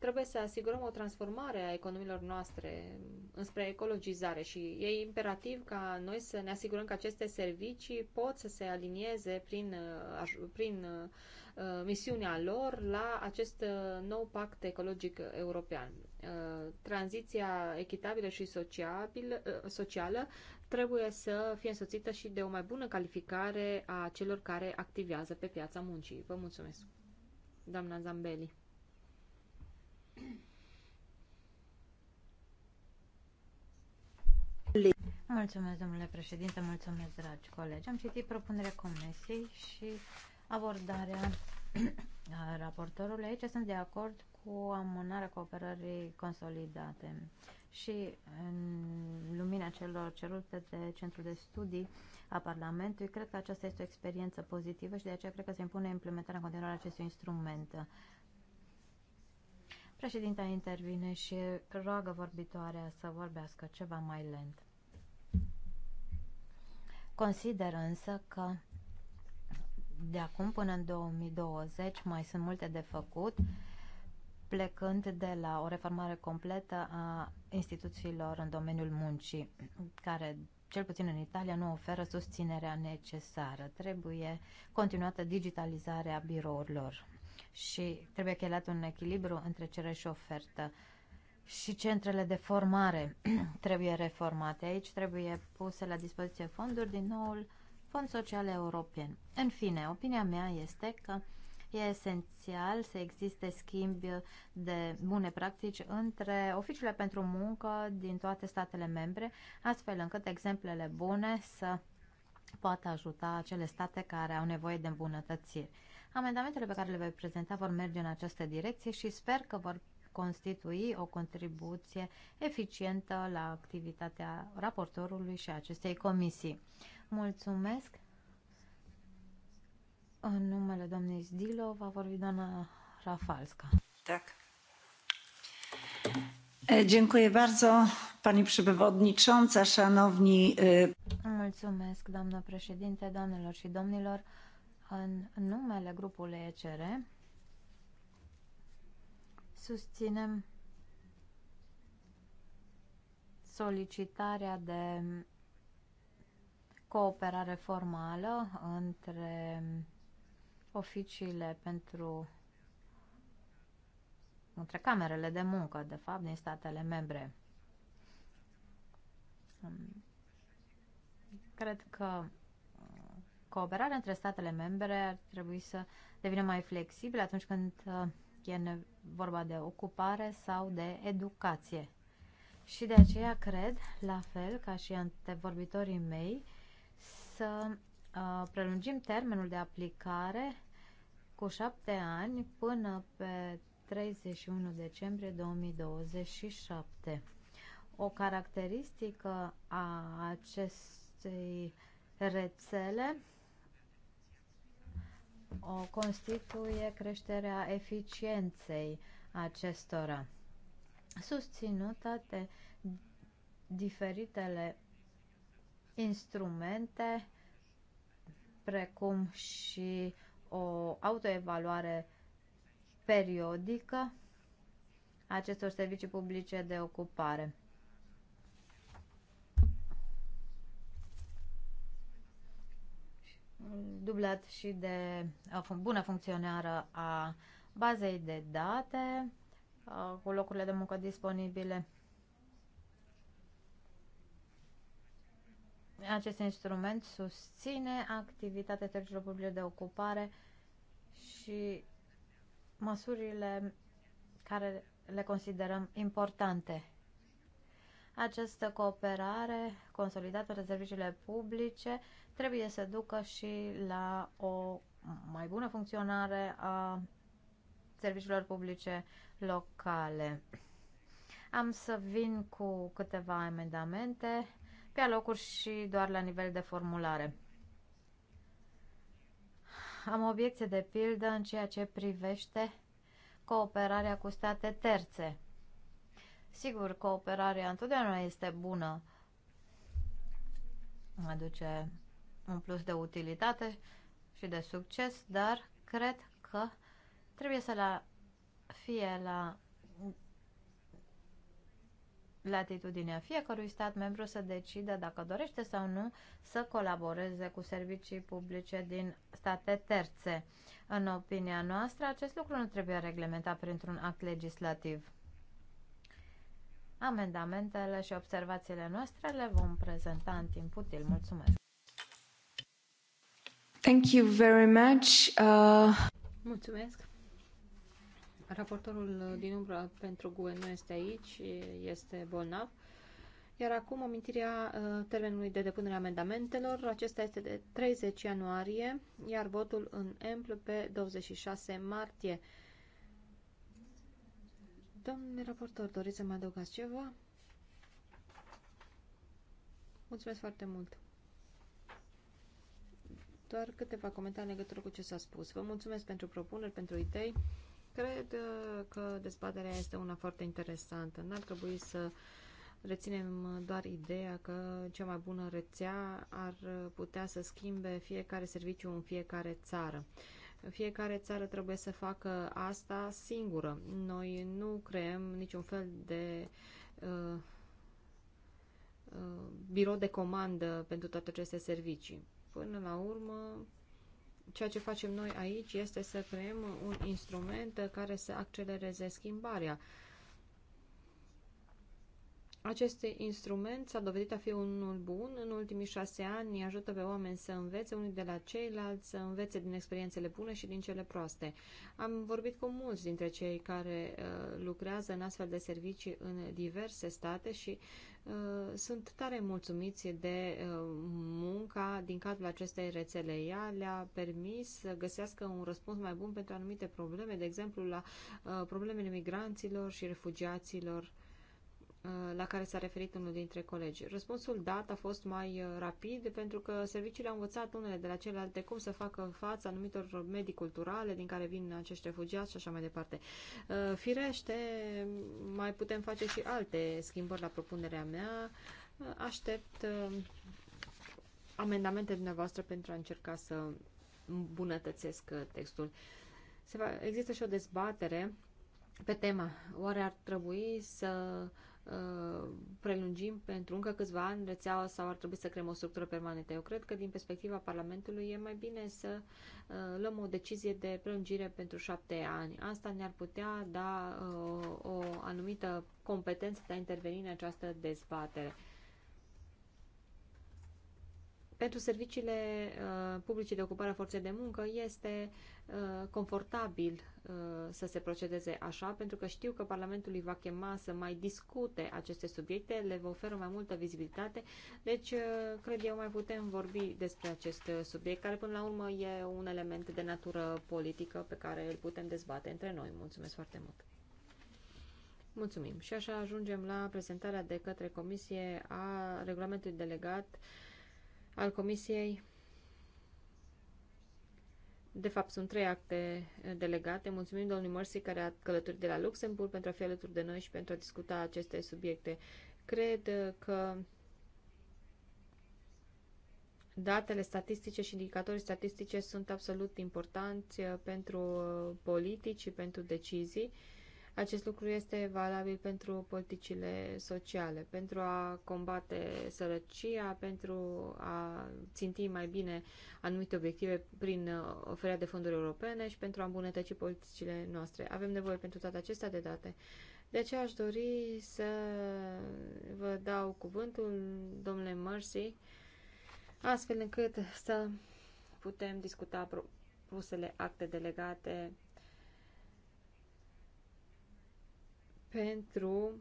D: Trebuie să asigurăm o transformare a economiilor noastre înspre ecologizare și e imperativ ca noi să ne asigurăm că aceste servicii pot să se alinieze prin, uh, prin uh, uh, misiunea lor la acest uh, nou pact ecologic european. Uh, tranziția echitabilă și sociabilă, uh, socială trebuie să fie însoțită și de o mai bună calificare a celor care activează pe piața muncii. Vă mulțumesc, doamna Zambeli.
C: Mulțumesc, domnule președinte, mulțumesc, dragi colegi. Am citit propunerea comisiei și abordarea raportorului. Aici sunt de acord cu amânarea cooperării consolidate și în lumina celor cerute de Centrul de Studii a Parlamentului, cred că aceasta este o experiență pozitivă și de aceea cred că se impune implementarea în continuare acestui instrument. Președinta intervine și roagă vorbitoarea să vorbească ceva mai lent. Consider însă că de acum până în 2020 mai sunt multe de făcut, plecând de la o reformare completă a instituțiilor în domeniul muncii, care cel puțin în Italia, nu oferă susținerea necesară. Trebuie continuată digitalizarea birourilor și trebuie chelat un echilibru între cerere și ofertă. Și centrele de formare trebuie reformate. Aici trebuie puse la dispoziție fonduri din noul Fond Social European. În fine, opinia mea este că e esențial să existe schimbi de bune practici între oficiile pentru muncă din toate statele membre, astfel încât exemplele bune să poată ajuta acele state care au nevoie de îmbunătățiri. Amendamentele pe care le voi prezenta vor merge în această direcție și sper că vor constitui o contribuție eficientă la activitatea raportorului și a acestei comisii. Mulțumesc! În numele doamnei Zdilo va vorbi doamna Rafalska. Tak.
D: Dziękuję bardzo, pani przewodnicząca, szanowni...
C: Mulțumesc, doamna președinte, doamnelor și domnilor. În numele grupului ECR susținem solicitarea de cooperare formală între oficiile pentru între camerele de muncă, de fapt, din statele membre. Cred că cooperarea între statele membre ar trebui să devină mai flexibilă atunci când uh, e vorba de ocupare sau de educație. Și de aceea cred, la fel ca și antevorbitorii mei, să uh, prelungim termenul de aplicare cu șapte ani până pe 31 decembrie 2027. O caracteristică a acestei rețele o constituie creșterea eficienței acestora, susținută de diferitele instrumente, precum și o autoevaluare periodică acestor servicii publice de ocupare. dublat și de bună funcționare a bazei de date cu locurile de muncă disponibile. Acest instrument susține activitatea serviciilor publice de ocupare și măsurile care le considerăm importante. Această cooperare consolidată de serviciile publice trebuie să ducă și la o mai bună funcționare a serviciilor publice locale. Am să vin cu câteva amendamente pe alocuri și doar la nivel de formulare. Am obiecție de pildă în ceea ce privește cooperarea cu state terțe. Sigur, cooperarea întotdeauna este bună. Aduce un plus de utilitate și de succes, dar cred că trebuie să la, fie la latitudinea fiecărui stat membru să decidă dacă dorește sau nu să colaboreze cu servicii publice din state terțe. În opinia noastră, acest lucru nu trebuie reglementat printr-un act legislativ. Amendamentele și observațiile noastre le vom prezenta în timp util. Mulțumesc! Thank
D: you very much. Uh...
C: Mulțumesc. Raportorul
D: din umbră pentru GUE nu este aici, este bolnav. Iar acum amintirea uh, termenului de depunere a amendamentelor. Acesta este de 30 ianuarie, iar votul în EMPL pe 26 martie. Domnule raportor, doriți să mai adăugați ceva? Mulțumesc foarte mult! doar câteva comentarii în legătură cu ce s-a spus. Vă mulțumesc pentru propuneri, pentru idei. Cred uh, că dezbaterea este una foarte interesantă. N-ar trebui să reținem doar ideea că cea mai bună rețea ar putea să schimbe fiecare serviciu în fiecare țară. Fiecare țară trebuie să facă asta singură. Noi nu creăm niciun fel de uh, uh birou de comandă pentru toate aceste servicii. Până la urmă, ceea ce facem noi aici este să creăm un instrument care să accelereze schimbarea. Acest instrument s-a dovedit a fi unul bun. În ultimii șase ani ajută pe oameni să învețe unii de la ceilalți, să învețe din experiențele bune și din cele proaste. Am vorbit cu mulți dintre cei care uh, lucrează în astfel de servicii în diverse state și Uh, sunt tare mulțumiți de uh, munca din cadrul acestei rețele. Ea le-a permis să găsească un răspuns mai bun pentru anumite probleme, de exemplu la uh, problemele migranților și refugiaților Uh, la care s-a referit unul dintre colegi. Răspunsul dat a fost mai uh, rapid pentru că serviciile au învățat unele de la celelalte cum să facă față anumitor medii culturale din care vin acești refugiați și așa mai departe. Uh, firește, mai putem face și alte schimbări la propunerea mea. Aștept amendamente dumneavoastră pentru a încerca să îmbunătățesc textul. Se va, există și o dezbatere pe tema oare ar trebui să uh, Uh, prelungim pentru încă câțiva ani rețeaua sau ar trebui să creăm o structură permanentă. Eu cred că din perspectiva Parlamentului e mai bine să uh, luăm o decizie de prelungire pentru șapte ani. Asta ne-ar putea da uh, o anumită competență de a interveni în această dezbatere pentru serviciile uh, publice de ocupare a forței de muncă este uh, confortabil uh, să se procedeze așa, pentru că știu că Parlamentul îi va chema să mai discute aceste subiecte, le va oferă mai multă vizibilitate, deci uh, cred eu mai putem vorbi despre acest subiect, care până la urmă e un element de natură politică pe care îl putem dezbate între noi. Mulțumesc foarte mult! Mulțumim! Și așa ajungem la prezentarea de către Comisie a regulamentului delegat al Comisiei. De fapt, sunt trei acte eh, delegate. Mulțumim domnului Mărsi care a călătorit de la Luxemburg pentru a fi alături de noi și pentru a discuta aceste subiecte. Cred eh, că datele statistice și indicatorii statistice sunt absolut importanți eh, pentru politici și pentru decizii acest lucru este valabil pentru politicile sociale, pentru a combate sărăcia, pentru a ținti mai bine anumite obiective prin uh, oferirea de fonduri europene și pentru a îmbunătăți politicile noastre. Avem nevoie pentru toate acestea de date. De aceea aș dori să vă dau cuvântul, domnule Mercy, astfel încât să putem discuta propusele acte delegate pentru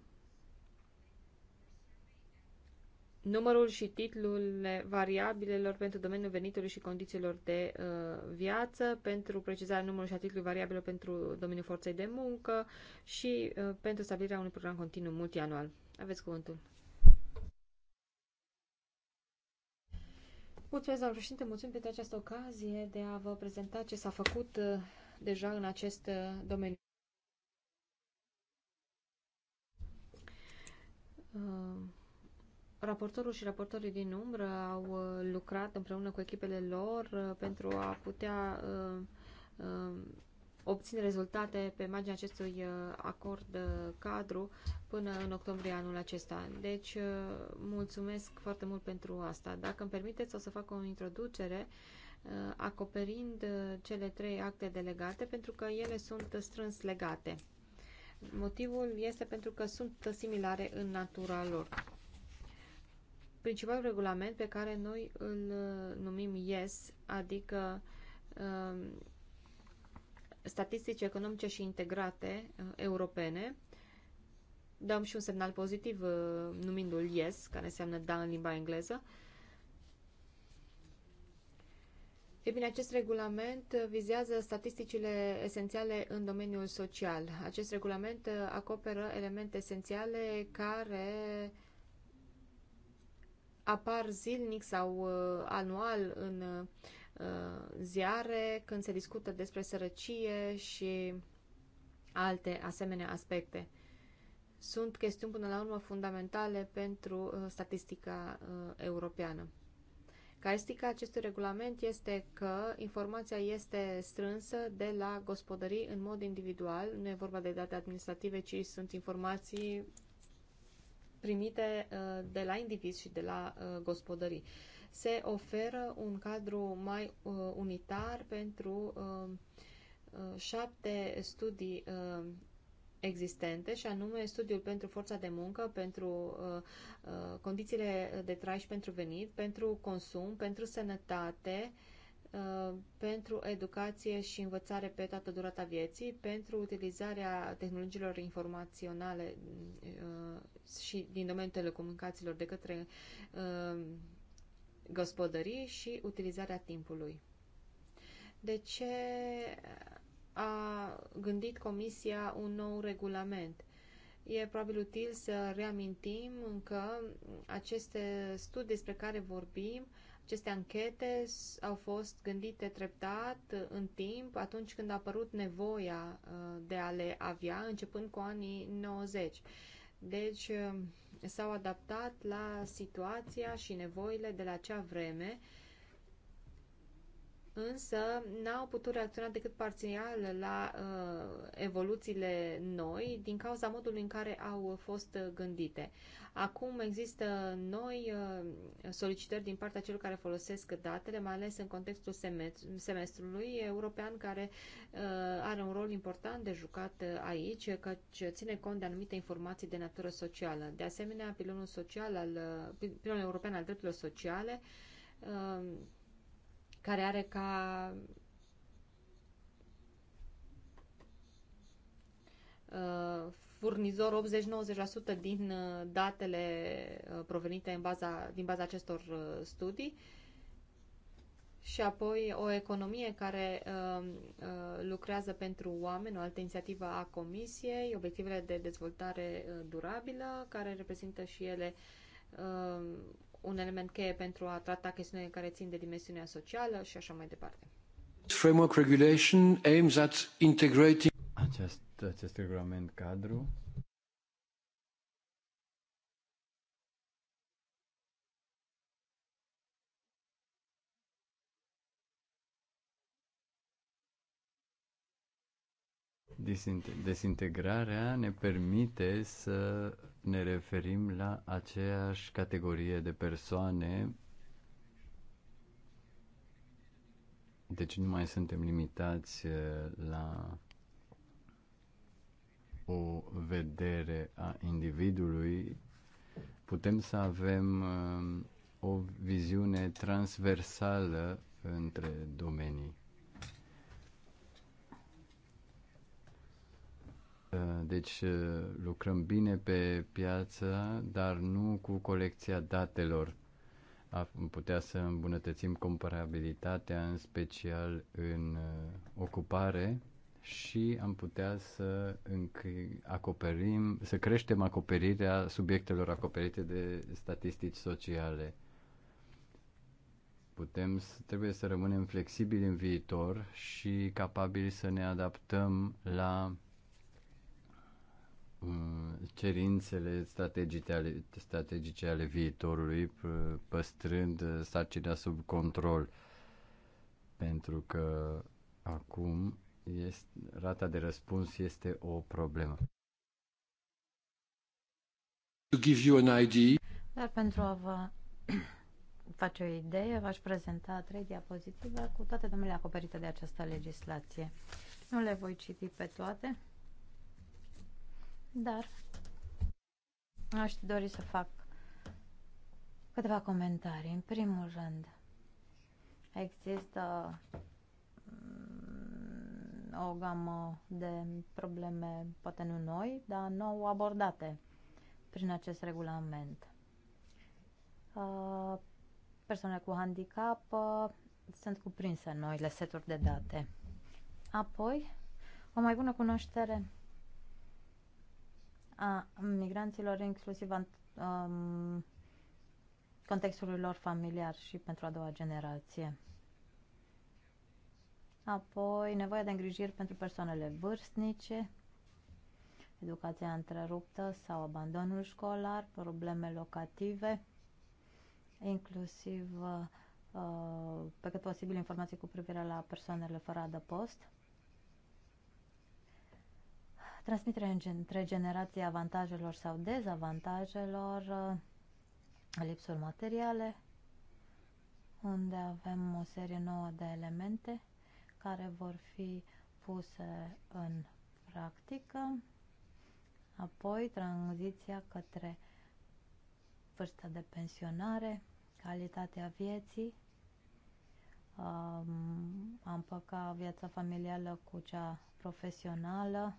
D: numărul și titlul variabilelor pentru domeniul venitului și condițiilor de uh, viață, pentru precizarea numărului și a titlului variabilelor pentru domeniul forței de muncă și uh, pentru stabilirea unui program continuu multianual. Aveți cuvântul. Mulțumesc, doamnă președinte, mulțumim pentru această ocazie de a vă prezenta ce s-a făcut uh, deja în acest uh, domeniu. Uh, raportorul și raportorii din umbră au uh, lucrat împreună cu echipele lor uh, pentru a putea obține rezultate pe marginea acestui acord cadru până în octombrie anul acesta. Deci, mulțumesc foarte mult pentru asta. Dacă îmi permiteți, o să fac o introducere acoperind cele trei acte delegate, pentru că ele sunt strâns legate. Motivul este pentru că sunt similare în natura lor. Principalul regulament pe care noi îl uh, numim IES, adică uh, statistici economice și integrate uh, europene, dăm și un semnal pozitiv numindu-l IES, care înseamnă da în limba engleză, uh, E bine, acest regulament vizează statisticile esențiale în domeniul social. Acest regulament acoperă elemente esențiale care apar zilnic sau uh, anual în uh, ziare când se discută despre sărăcie și alte asemenea aspecte. Sunt chestiuni până la urmă fundamentale pentru uh, statistica europeană. Caristica acestui regulament este că informația este strânsă de la gospodării în mod individual. Nu e vorba de date administrative, ci sunt informații primite uh, de la indivizi și de la uh, gospodării. Se oferă un cadru mai uh, unitar pentru șapte studii existente și anume studiul pentru forța de muncă, pentru uh, uh, condițiile de trai și pentru venit, pentru consum, pentru sănătate, uh, pentru educație și învățare pe toată durata vieții, pentru utilizarea tehnologiilor informaționale uh, și din domeniul telecomunicațiilor de către uh, gospodării și utilizarea timpului. De ce a gândit Comisia un nou regulament. E probabil util să reamintim că aceste studii despre care vorbim, aceste anchete au fost gândite treptat în timp, atunci când a apărut nevoia uh, de a le avea, începând cu anii 90. Deci uh, s-au adaptat la situația și nevoile de la acea vreme, însă n-au putut reacționa decât parțial la uh, evoluțiile noi din cauza modului în care au fost gândite. Acum există noi uh, solicitări din partea celor care folosesc datele, mai ales în contextul semestrului european, care uh, are un rol important de jucat aici, căci ține cont de anumite informații de natură socială. De asemenea, pilonul, social al, uh, pilonul european al drepturilor sociale uh, care are ca uh, furnizor 80-90% din uh, datele uh, provenite în baza, din baza acestor studii și apoi o economie care uh, lucrează pentru oameni, o altă inițiativă a Comisiei, obiectivele de dezvoltare durabilă, care reprezintă și ele uh, un element cheie pentru a trata chestiunile care țin de dimensiunea socială și așa mai departe.
B: Framework regulation aims at integrating acest, acest regulament cadru Desinte desintegrarea ne permite să ne referim la aceeași categorie de persoane, deci nu mai suntem limitați eh, la o vedere a individului, putem să avem eh, o viziune transversală între domenii. Uh, deci uh, lucrăm bine pe piață, dar nu cu colecția datelor. Am putea să îmbunătățim comparabilitatea, în special în uh, ocupare, și am putea să acoperim, să creștem acoperirea subiectelor acoperite de statistici sociale. Putem, trebuie să rămânem flexibili în viitor și capabili să ne adaptăm la Mm, cerințele strategice ale, strategice ale viitorului, păstrând uh, sarcina sub control. Pentru că acum este, rata de răspuns este o problemă. To give you an idea.
C: Dar pentru a vă face o idee, v-aș prezenta trei diapozitive cu toate domnule acoperite de această legislație. Nu le voi citi pe toate dar aș dori să fac câteva comentarii. În primul rând, există mm, o gamă de probleme, poate nu noi, dar nou abordate prin acest regulament. Persoanele cu handicap sunt cuprinse în noile seturi de date. Apoi, o mai bună cunoaștere a migranților, inclusiv în um, contextul lor familiar și pentru a doua generație. Apoi, nevoia de îngrijiri pentru persoanele vârstnice, educația întreruptă sau abandonul școlar, probleme locative, inclusiv uh, pe cât posibil informații cu privire la persoanele fără adăpost transmiterea între generații avantajelor sau dezavantajelor, uh, lipsuri materiale, unde avem o serie nouă de elemente care vor fi puse în practică, apoi tranziția către vârsta de pensionare, calitatea vieții, um, am împăca viața familială cu cea profesională,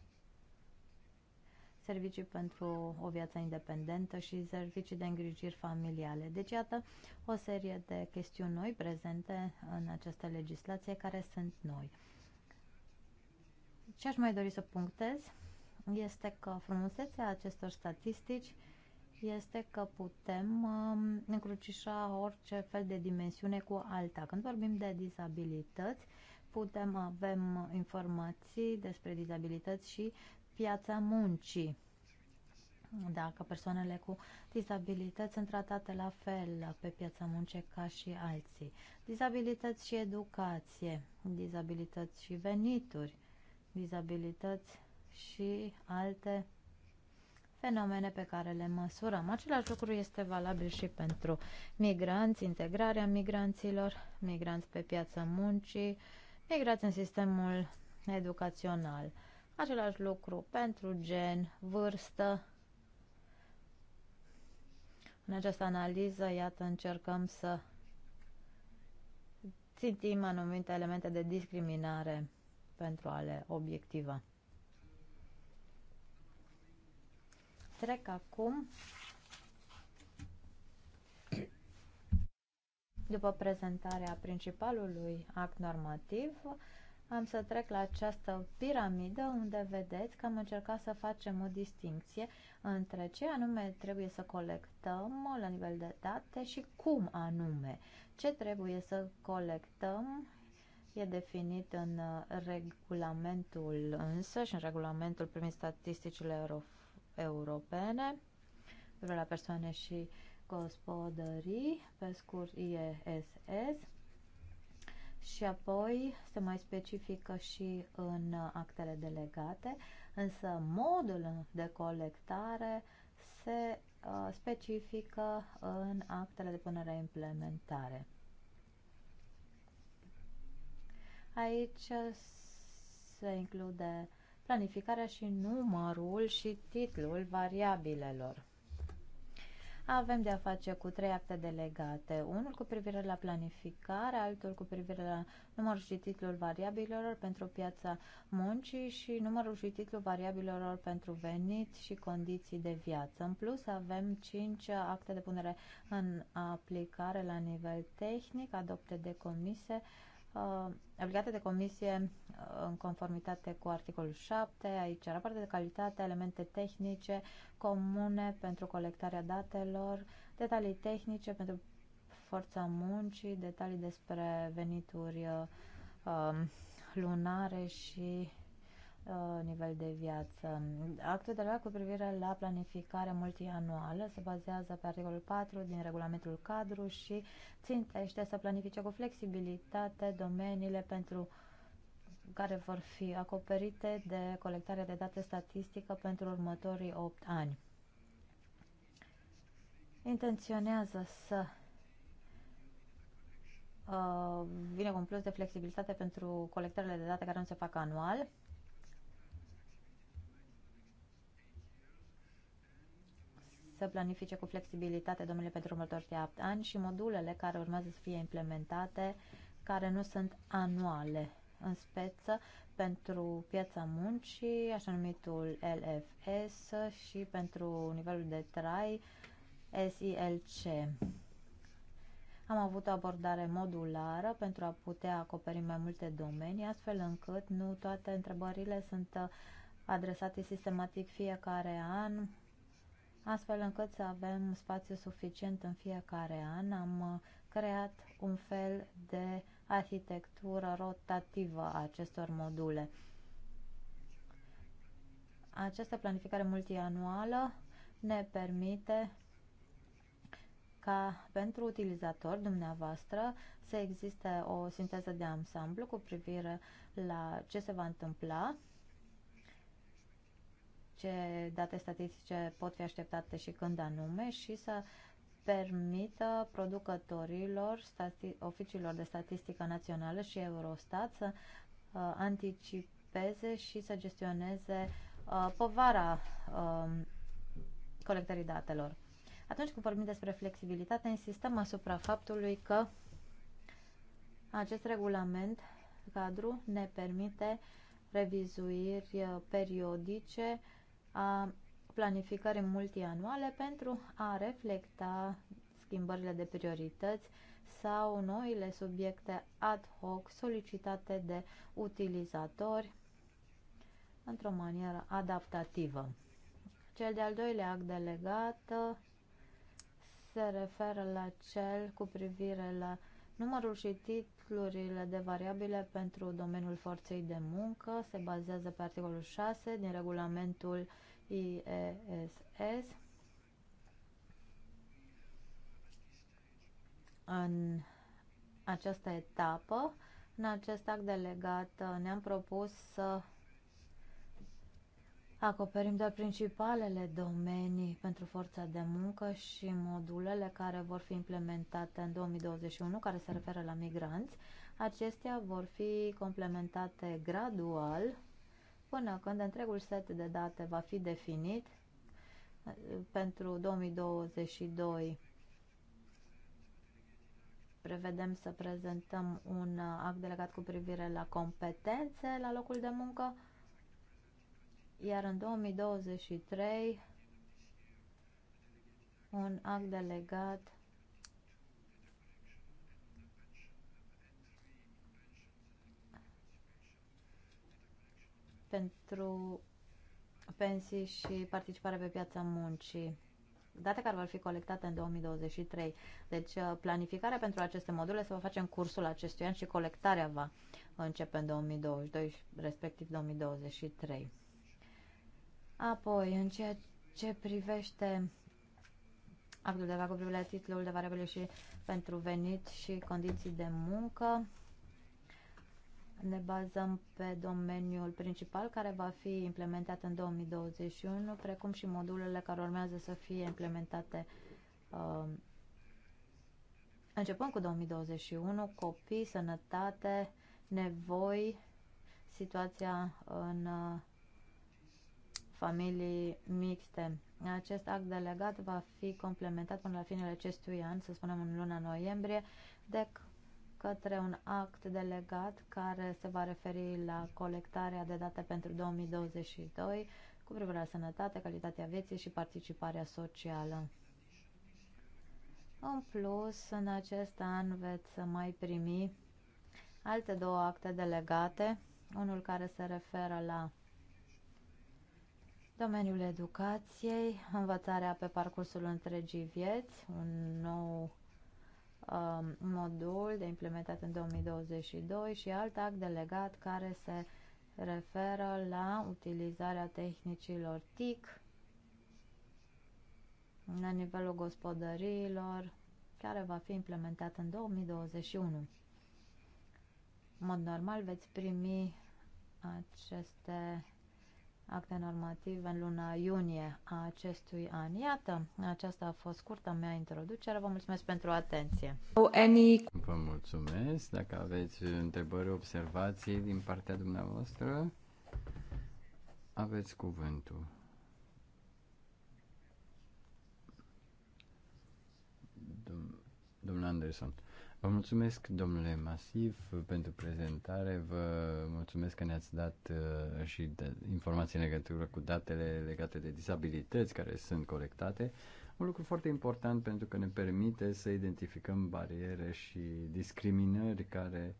C: servicii pentru o viață independentă și servicii de îngrijiri familiale. Deci, iată o serie de chestiuni noi prezente în această legislație care sunt noi. Ce aș mai dori să punctez este că frumusețea acestor statistici este că putem um, încrucișa orice fel de dimensiune cu alta. Când vorbim de dizabilități, putem avem informații despre dizabilități și piața muncii. Dacă persoanele cu dizabilități sunt tratate la fel pe piața muncii ca și alții. Dizabilități și educație, dizabilități și venituri, dizabilități și alte fenomene pe care le măsurăm. Același lucru este valabil și pentru migranți, integrarea migranților, migranți pe piața muncii, migrați în sistemul educațional. Același lucru pentru gen, vârstă. În această analiză, iată, încercăm să țintim anumite elemente de discriminare pentru a le obiectiva. Trec acum după prezentarea principalului act normativ am să trec la această piramidă unde vedeți că am încercat să facem o distinție între ce anume trebuie să colectăm la nivel de date și cum anume. Ce trebuie să colectăm e definit în uh, regulamentul însă și în regulamentul primit statisticile euro europene, la persoane și gospodării, pe scurt IESS, și apoi se mai specifică și în actele delegate, însă modul de colectare se uh, specifică în actele de punere implementare. Aici se include planificarea și numărul și titlul variabilelor avem de a face cu trei acte delegate, unul cu privire la planificare, altul cu privire la numărul și titlul variabilelor pentru piața muncii și numărul și titlul variabilelor pentru venit și condiții de viață. În plus, avem cinci acte de punere în aplicare la nivel tehnic, adopte de comise, Uh, obligate de comisie uh, în conformitate cu articolul 7, aici parte de calitate, elemente tehnice comune pentru colectarea datelor, detalii tehnice pentru forța muncii, detalii despre venituri uh, um, lunare și Uh, nivel de viață. Actul de la cu privire la planificare multianuală se bazează pe articolul 4 din regulamentul cadru și țintește să planifice cu flexibilitate domeniile pentru care vor fi acoperite de colectarea de date statistică pentru următorii 8 ani. Intenționează să uh, vine cu un plus de flexibilitate pentru colectările de date care nu se fac anual să planifice cu flexibilitate domeniul pentru următorii 8 ani și modulele care urmează să fie implementate, care nu sunt anuale, în speță pentru piața muncii, așa numitul LFS și pentru nivelul de trai SILC. Am avut o abordare modulară pentru a putea acoperi mai multe domenii, astfel încât nu toate întrebările sunt adresate sistematic fiecare an astfel încât să avem spațiu suficient în fiecare an. Am uh, creat un fel de arhitectură rotativă a acestor module. Această planificare multianuală ne permite ca pentru utilizator dumneavoastră să existe o sinteză de ansamblu cu privire la ce se va întâmpla ce date statistice pot fi așteptate și când anume și să permită producătorilor, oficiilor de statistică națională și Eurostat să uh, anticipeze și să gestioneze uh, povara uh, colectării datelor. Atunci când vorbim despre flexibilitate, insistăm asupra faptului că acest regulament cadru ne permite revizuiri uh, periodice uh, a planificării multianuale pentru a reflecta schimbările de priorități sau noile subiecte ad hoc solicitate de utilizatori într-o manieră adaptativă. Cel de-al doilea act delegat uh, se referă la cel cu privire la numărul și Ciflurile de variabile pentru domeniul forței de muncă se bazează pe articolul 6 din regulamentul IESS. În această etapă, în acest act delegat, ne-am propus să Acoperim de principalele domenii pentru forța de muncă și modulele care vor fi implementate în 2021, care se referă la migranți. Acestea vor fi complementate gradual până când întregul set de date va fi definit pentru 2022. Prevedem să prezentăm un act delegat cu privire la competențe la locul de muncă, iar în 2023 un act delegat pentru pensii și participare pe piața muncii date care vor fi colectate în 2023. Deci uh, planificarea pentru aceste module se va face în cursul acestui an și colectarea va începe în 2022, respectiv 2023. Apoi, în ceea ce privește actul de cu privire la titlul de variabile și pentru venit și condiții de muncă, ne bazăm pe domeniul principal care va fi implementat în 2021, precum și modulele care urmează să fie implementate uh, începând cu 2021, copii, sănătate, nevoi, situația în uh, familii mixte. Acest act delegat va fi complementat până la finele acestui an, să spunem în luna noiembrie, de către un act delegat care se va referi la colectarea de date pentru 2022 cu privire la sănătate, calitatea vieții și participarea socială. În plus, în acest an veți mai primi alte două acte delegate, unul care se referă la Domeniul educației, învățarea pe parcursul întregii vieți, un nou um, modul de implementat în 2022 și alt act delegat care se referă la utilizarea tehnicilor TIC la nivelul gospodăriilor, care va fi implementat în 2021. În mod normal veți primi aceste acte normative în luna iunie a acestui an. Iată, aceasta a fost scurta mea introducere. Vă mulțumesc pentru atenție. Vă
B: mulțumesc. Dacă aveți întrebări, observații din partea dumneavoastră, aveți cuvântul. Domnul Anderson. Vă mulțumesc, domnule Masiv, pentru prezentare. Vă mulțumesc că ne-ați dat uh, și informații în legătură cu datele legate de disabilități care sunt colectate. Un lucru foarte important pentru că ne permite să identificăm bariere și discriminări care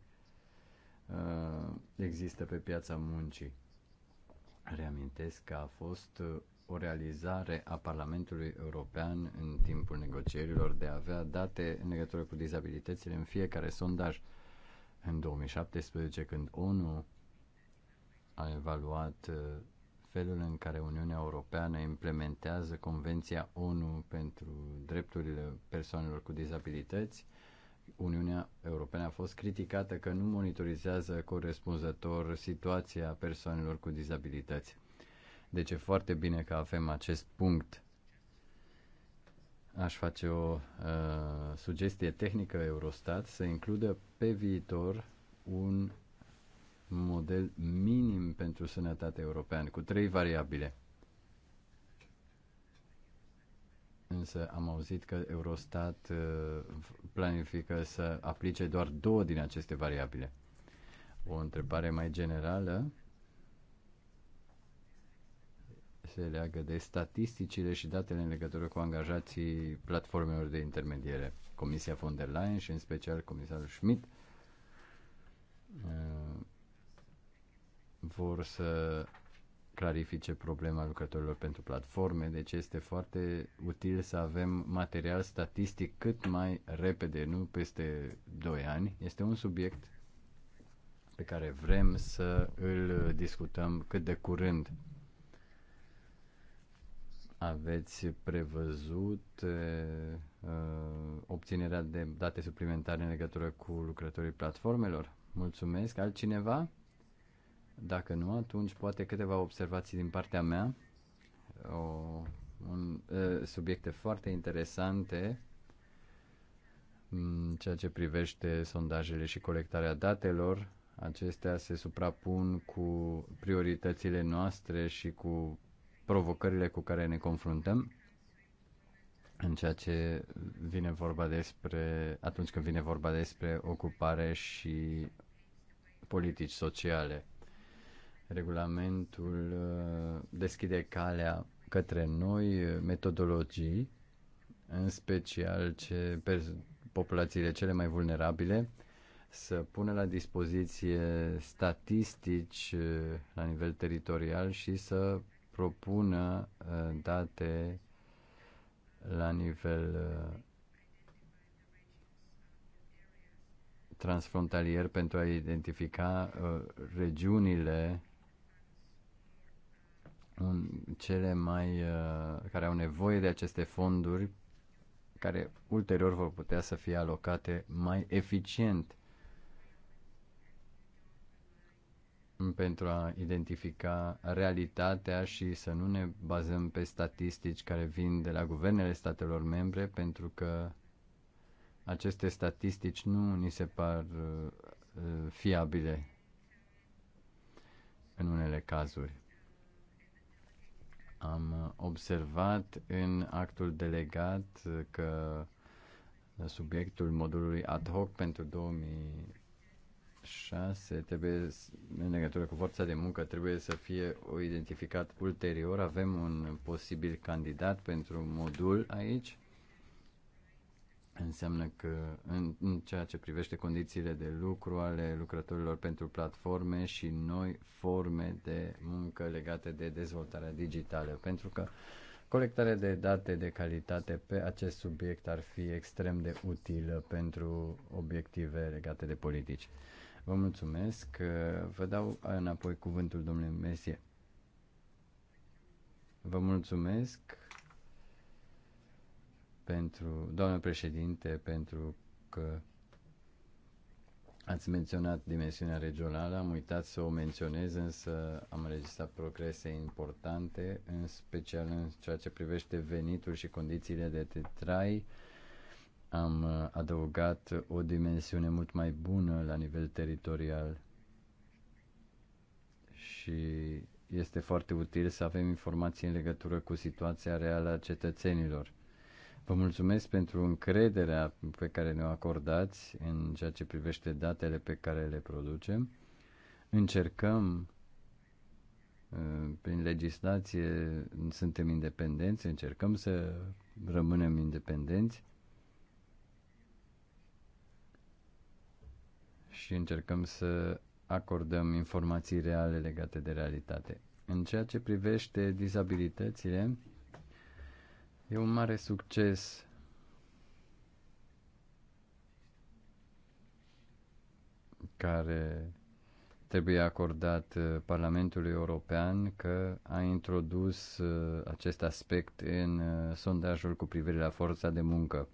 B: uh, există pe piața muncii. Reamintesc că a fost uh, o realizare a Parlamentului European în timpul negocierilor de a avea date în legătură cu dizabilitățile în fiecare sondaj. În 2017, când ONU a evaluat uh, felul în care Uniunea Europeană implementează Convenția ONU pentru drepturile persoanelor cu dizabilități, Uniunea Europeană a fost criticată că nu monitorizează corespunzător situația persoanelor cu dizabilități. Deci e foarte bine că avem acest punct. Aș face o uh, sugestie tehnică Eurostat să includă pe viitor un model minim pentru sănătate european cu trei variabile. Însă am auzit că Eurostat uh, planifică să aplice doar două din aceste variabile. O întrebare mai generală se leagă de statisticile și datele în legătură cu angajații platformelor de intermediere. Comisia von der Leyen și în special comisarul Schmidt uh, vor să clarifice problema lucrătorilor pentru platforme, deci este foarte util să avem material statistic cât mai repede, nu peste 2 ani. Este un subiect pe care vrem să îl discutăm cât de curând aveți prevăzut uh, obținerea de date suplimentare în legătură cu lucrătorii platformelor? Mulțumesc. Altcineva? Dacă nu, atunci poate câteva observații din partea mea. O, un, uh, subiecte foarte interesante în ceea ce privește sondajele și colectarea datelor. Acestea se suprapun cu prioritățile noastre și cu provocările cu care ne confruntăm în ceea ce vine vorba despre, atunci când vine vorba despre ocupare și politici sociale. Regulamentul uh, deschide calea către noi metodologii, în special ce populațiile cele mai vulnerabile, să pună la dispoziție statistici uh, la nivel teritorial și să propună uh, date la nivel uh, transfrontalier pentru a identifica uh, regiunile cele mai care au nevoie de aceste fonduri care ulterior vor putea să fie alocate mai eficient pentru a identifica realitatea și să nu ne bazăm pe statistici care vin de la guvernele statelor membre, pentru că aceste statistici nu ni se par uh, uh, fiabile în unele cazuri. Am observat în actul delegat uh, că subiectul modulului ad hoc pentru 2000 6. Trebuie, în legătură cu forța de muncă, trebuie să fie o identificat ulterior. Avem un posibil candidat pentru modul aici. Înseamnă că în, în ceea ce privește condițiile de lucru ale lucrătorilor pentru platforme și noi forme de muncă legate de dezvoltarea digitală, pentru că colectarea de date de calitate pe acest subiect ar fi extrem de utilă pentru obiective legate de politici. Vă mulțumesc. Vă dau înapoi cuvântul domnule Mesie. Vă mulțumesc pentru, doamnă președinte, pentru că ați menționat dimensiunea regională, am uitat să o menționez, însă am înregistrat progrese importante, în special în ceea ce privește venitul și condițiile de trai am uh, adăugat o dimensiune mult mai bună la nivel teritorial și este foarte util să avem informații în legătură cu situația reală a cetățenilor. Vă mulțumesc pentru încrederea pe care ne-o acordați în ceea ce privește datele pe care le producem. Încercăm uh, prin legislație, suntem independenți, încercăm să rămânem independenți și încercăm să acordăm informații reale legate de realitate. În ceea ce privește dizabilitățile, e un mare succes care trebuie acordat uh, Parlamentului European că a introdus uh, acest aspect în uh, sondajul cu privire la forța de muncă.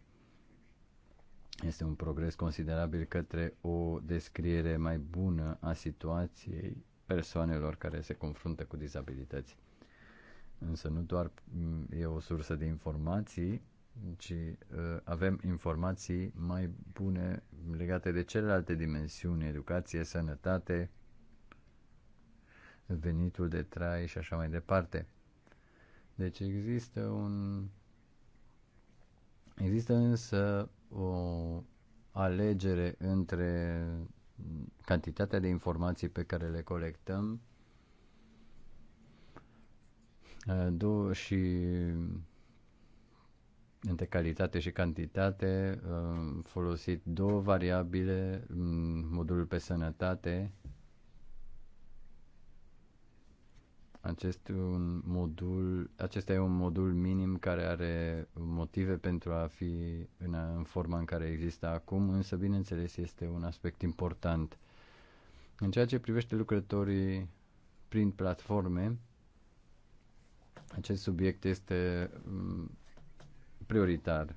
B: Este un progres considerabil către o descriere mai bună a situației persoanelor care se confruntă cu dizabilități. Însă nu doar mm, e o sursă de informații, ci uh, avem informații mai bune legate de celelalte dimensiuni, educație, sănătate, venitul de trai și așa mai departe. Deci există un Există însă o alegere între cantitatea de informații pe care le colectăm și între calitate și cantitate folosit două variabile, modulul pe sănătate Acest un modul, acesta e un modul minim care are motive pentru a fi în, în forma în care există acum, însă, bineînțeles, este un aspect important. În ceea ce privește lucrătorii prin platforme, acest subiect este mm, prioritar.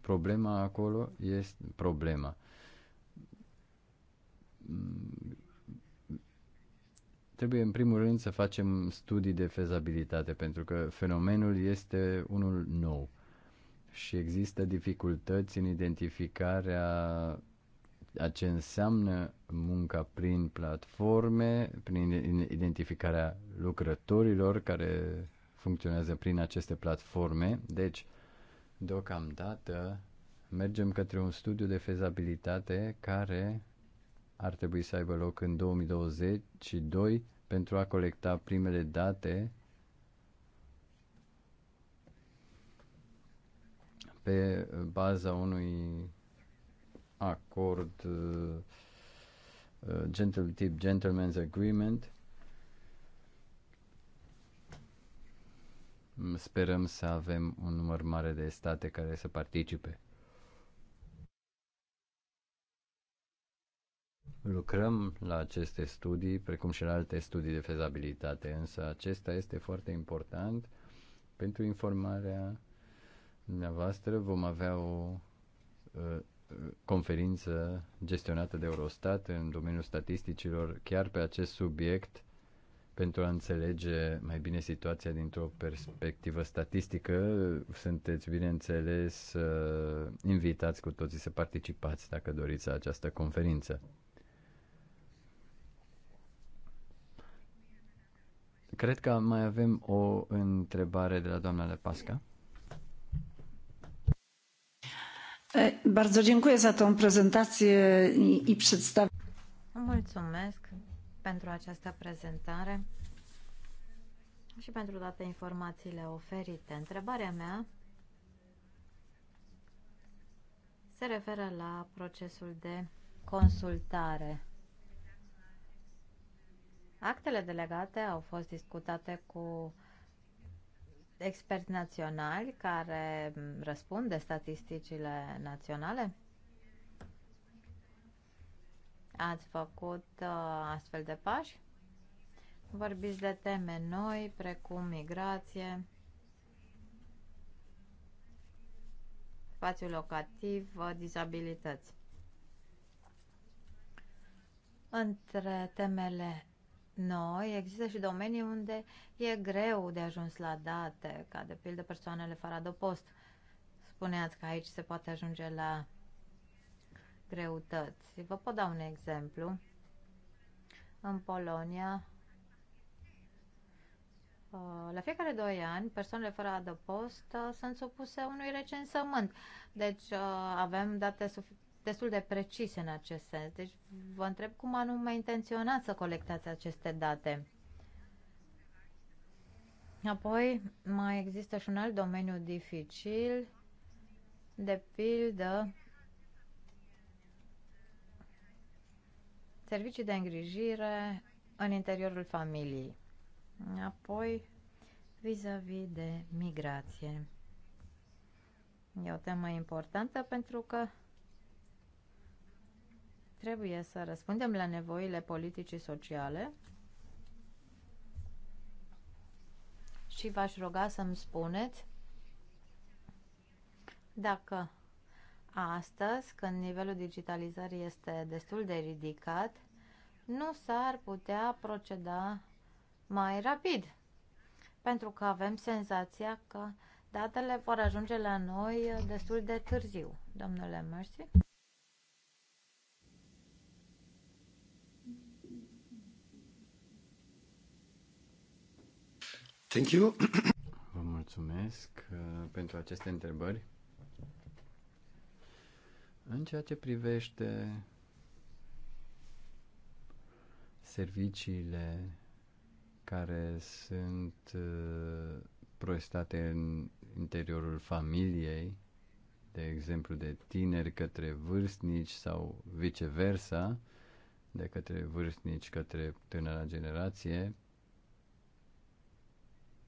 B: Problema acolo este problema mm, Trebuie în primul rând să facem studii de fezabilitate pentru că fenomenul este unul nou și există dificultăți în identificarea a ce înseamnă munca prin platforme, prin identificarea lucrătorilor care funcționează prin aceste platforme. Deci, deocamdată, mergem către un studiu de fezabilitate care ar trebui să aibă loc în 2022 pentru a colecta primele date pe baza unui acord uh, uh, gentle tip gentleman's agreement sperăm să avem un număr mare de state care să participe Lucrăm la aceste studii, precum și la alte studii de fezabilitate, însă acesta este foarte important pentru informarea dumneavoastră. Vom avea o uh, conferință gestionată de Eurostat în domeniul statisticilor chiar pe acest subiect pentru a înțelege mai bine situația dintr-o perspectivă statistică. Sunteți, bineînțeles, uh, invitați cu toții să participați dacă doriți la această conferință. Cred că mai avem o întrebare de la doamna de Pasca.
D: Bardzo dziękuję za tą prezentację i przedstawienie.
C: Mulțumesc pentru această prezentare și pentru toate informațiile oferite. Întrebarea mea se referă la procesul de consultare Actele delegate au fost discutate cu experți naționali care răspund de statisticile naționale? Ați făcut uh, astfel de pași? Vorbiți de teme noi, precum migrație, spațiu locativ, uh, dizabilități. Între temele noi, există și domenii unde e greu de ajuns la date, ca de pildă persoanele fără adăpost. Spuneați că aici se poate ajunge la greutăți. Vă pot da un exemplu. În Polonia, uh, la fiecare doi ani, persoanele fără adăpost uh, sunt supuse unui recensământ. Deci uh, avem date suficiente destul de precise în acest sens. Deci vă întreb cum anume intenționați să colectați aceste date. Apoi mai există și un alt domeniu dificil, de pildă servicii de îngrijire în interiorul familiei. Apoi vis-a-vis -vis de migrație. E o temă importantă pentru că Trebuie să răspundem la nevoile politicii sociale și v-aș ruga să-mi spuneți dacă astăzi, când nivelul digitalizării este destul de ridicat, nu s-ar putea proceda mai rapid. Pentru că avem senzația că datele vor ajunge la noi destul de târziu. Domnule Mersi.
B: Thank you. Vă mulțumesc uh, pentru aceste întrebări. În ceea ce privește serviciile care sunt uh, proestate în interiorul familiei, de exemplu de tineri către vârstnici sau viceversa, de către vârstnici către tânăra generație,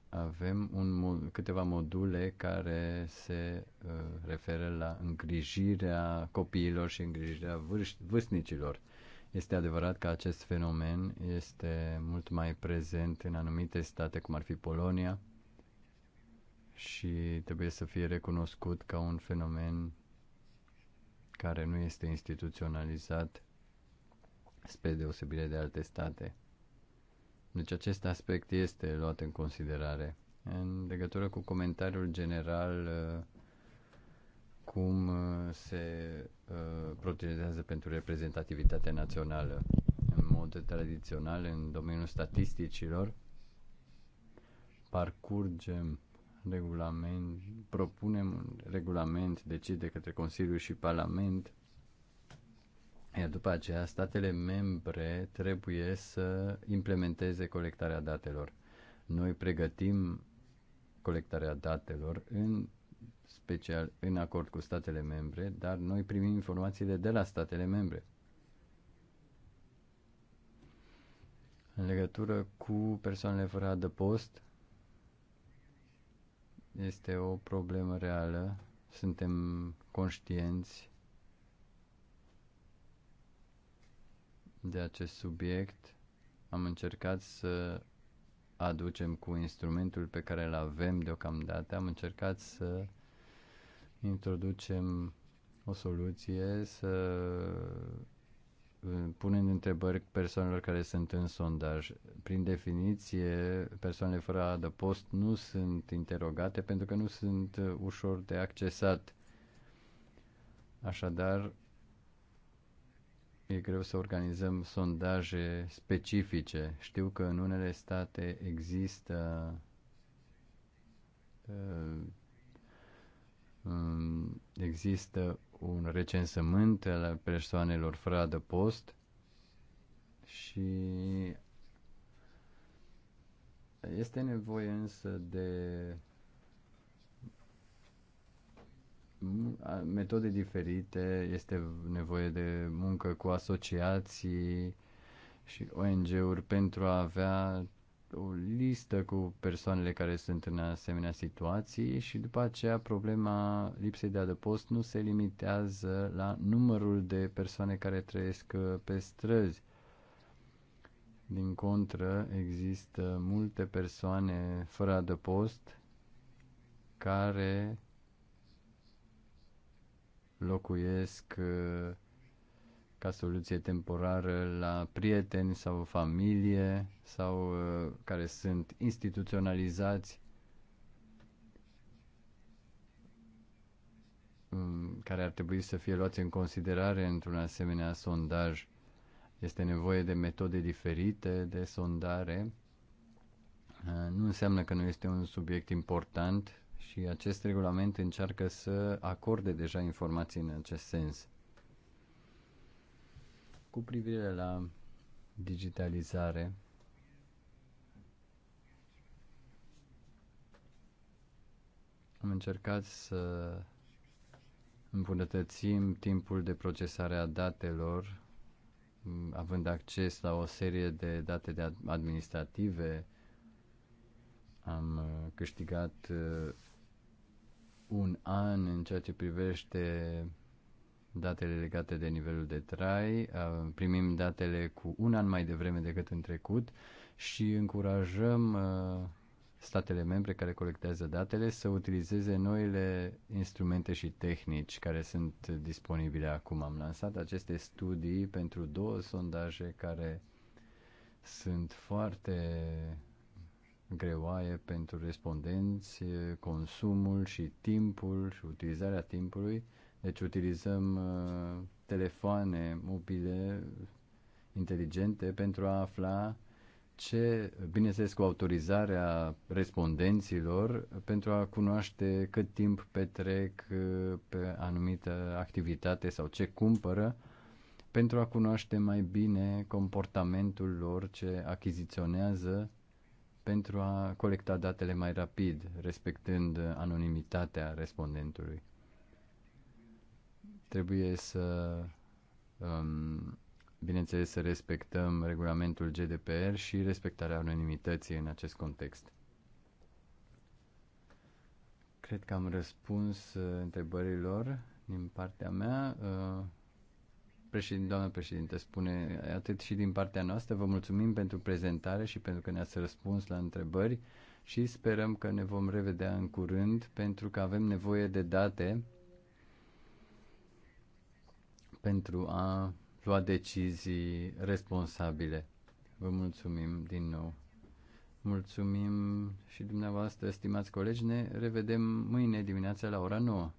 B: avem un, câteva module care se uh, referă la îngrijirea copiilor și îngrijirea vârstnicilor. Este adevărat că acest fenomen este mult mai prezent în anumite state, cum ar fi Polonia, și trebuie să fie recunoscut ca un fenomen care nu este instituționalizat spre deosebire de alte state. Deci acest aspect este luat în considerare. În legătură cu comentariul general uh, cum uh, se uh, protejează pentru reprezentativitatea națională în mod tradițional în domeniul statisticilor parcurgem regulament, propunem un regulament decis de către Consiliu și Parlament iar după aceea, statele membre trebuie să implementeze colectarea datelor. Noi pregătim colectarea datelor în special în acord cu statele membre, dar noi primim informațiile de la statele membre. În legătură cu persoanele fără adăpost, este o problemă reală. Suntem conștienți de acest subiect, am încercat să aducem cu instrumentul pe care îl avem deocamdată, am încercat să introducem o soluție, să uh, punem întrebări persoanelor care sunt în sondaj. Prin definiție, persoanele fără adăpost nu sunt interogate pentru că nu sunt uh, ușor de accesat. Așadar, E greu să organizăm sondaje specifice. Știu că în unele state există uh, um, există un recensământ al persoanelor fără adăpost și este nevoie însă de Mm, metode diferite, este nevoie de muncă cu asociații și ONG-uri pentru a avea o listă cu persoanele care sunt în asemenea situații și după aceea problema lipsei de adăpost nu se limitează la numărul de persoane care trăiesc uh, pe străzi. Din contră, există multe persoane fără adăpost care locuiesc uh, ca soluție temporară la prieteni sau familie sau uh, care sunt instituționalizați mm, care ar trebui să fie luați în considerare într-un asemenea sondaj. Este nevoie de metode diferite de sondare. Uh, nu înseamnă că nu este un subiect important și acest regulament încearcă să acorde deja informații în acest sens. Cu privire la digitalizare, am încercat să îmbunătățim timpul de procesare a datelor, având acces la o serie de date de administrative. Am uh, câștigat uh, un an în ceea ce privește datele legate de nivelul de trai, uh, primim datele cu un an mai devreme decât în trecut și încurajăm uh, statele membre care colectează datele să utilizeze noile instrumente și tehnici care sunt disponibile acum. Am lansat aceste studii pentru două sondaje care sunt foarte greoaie pentru respondenți, consumul și timpul și utilizarea timpului. Deci utilizăm uh, telefoane mobile inteligente pentru a afla ce, bineînțeles cu autorizarea respondenților, pentru a cunoaște cât timp petrec uh, pe anumită activitate sau ce cumpără, pentru a cunoaște mai bine comportamentul lor, ce achiziționează pentru a colecta datele mai rapid, respectând anonimitatea respondentului. Trebuie să, um, bineînțeles, să respectăm regulamentul GDPR și respectarea anonimității în acest context. Cred că am răspuns uh, întrebărilor din partea mea. Uh, președinte, doamna președinte, spune atât și din partea noastră. Vă mulțumim pentru prezentare și pentru că ne-ați răspuns la întrebări și sperăm că ne vom revedea în curând pentru că avem nevoie de date pentru a lua decizii responsabile. Vă mulțumim din nou. Mulțumim și dumneavoastră, stimați colegi. Ne revedem mâine dimineața la ora 9.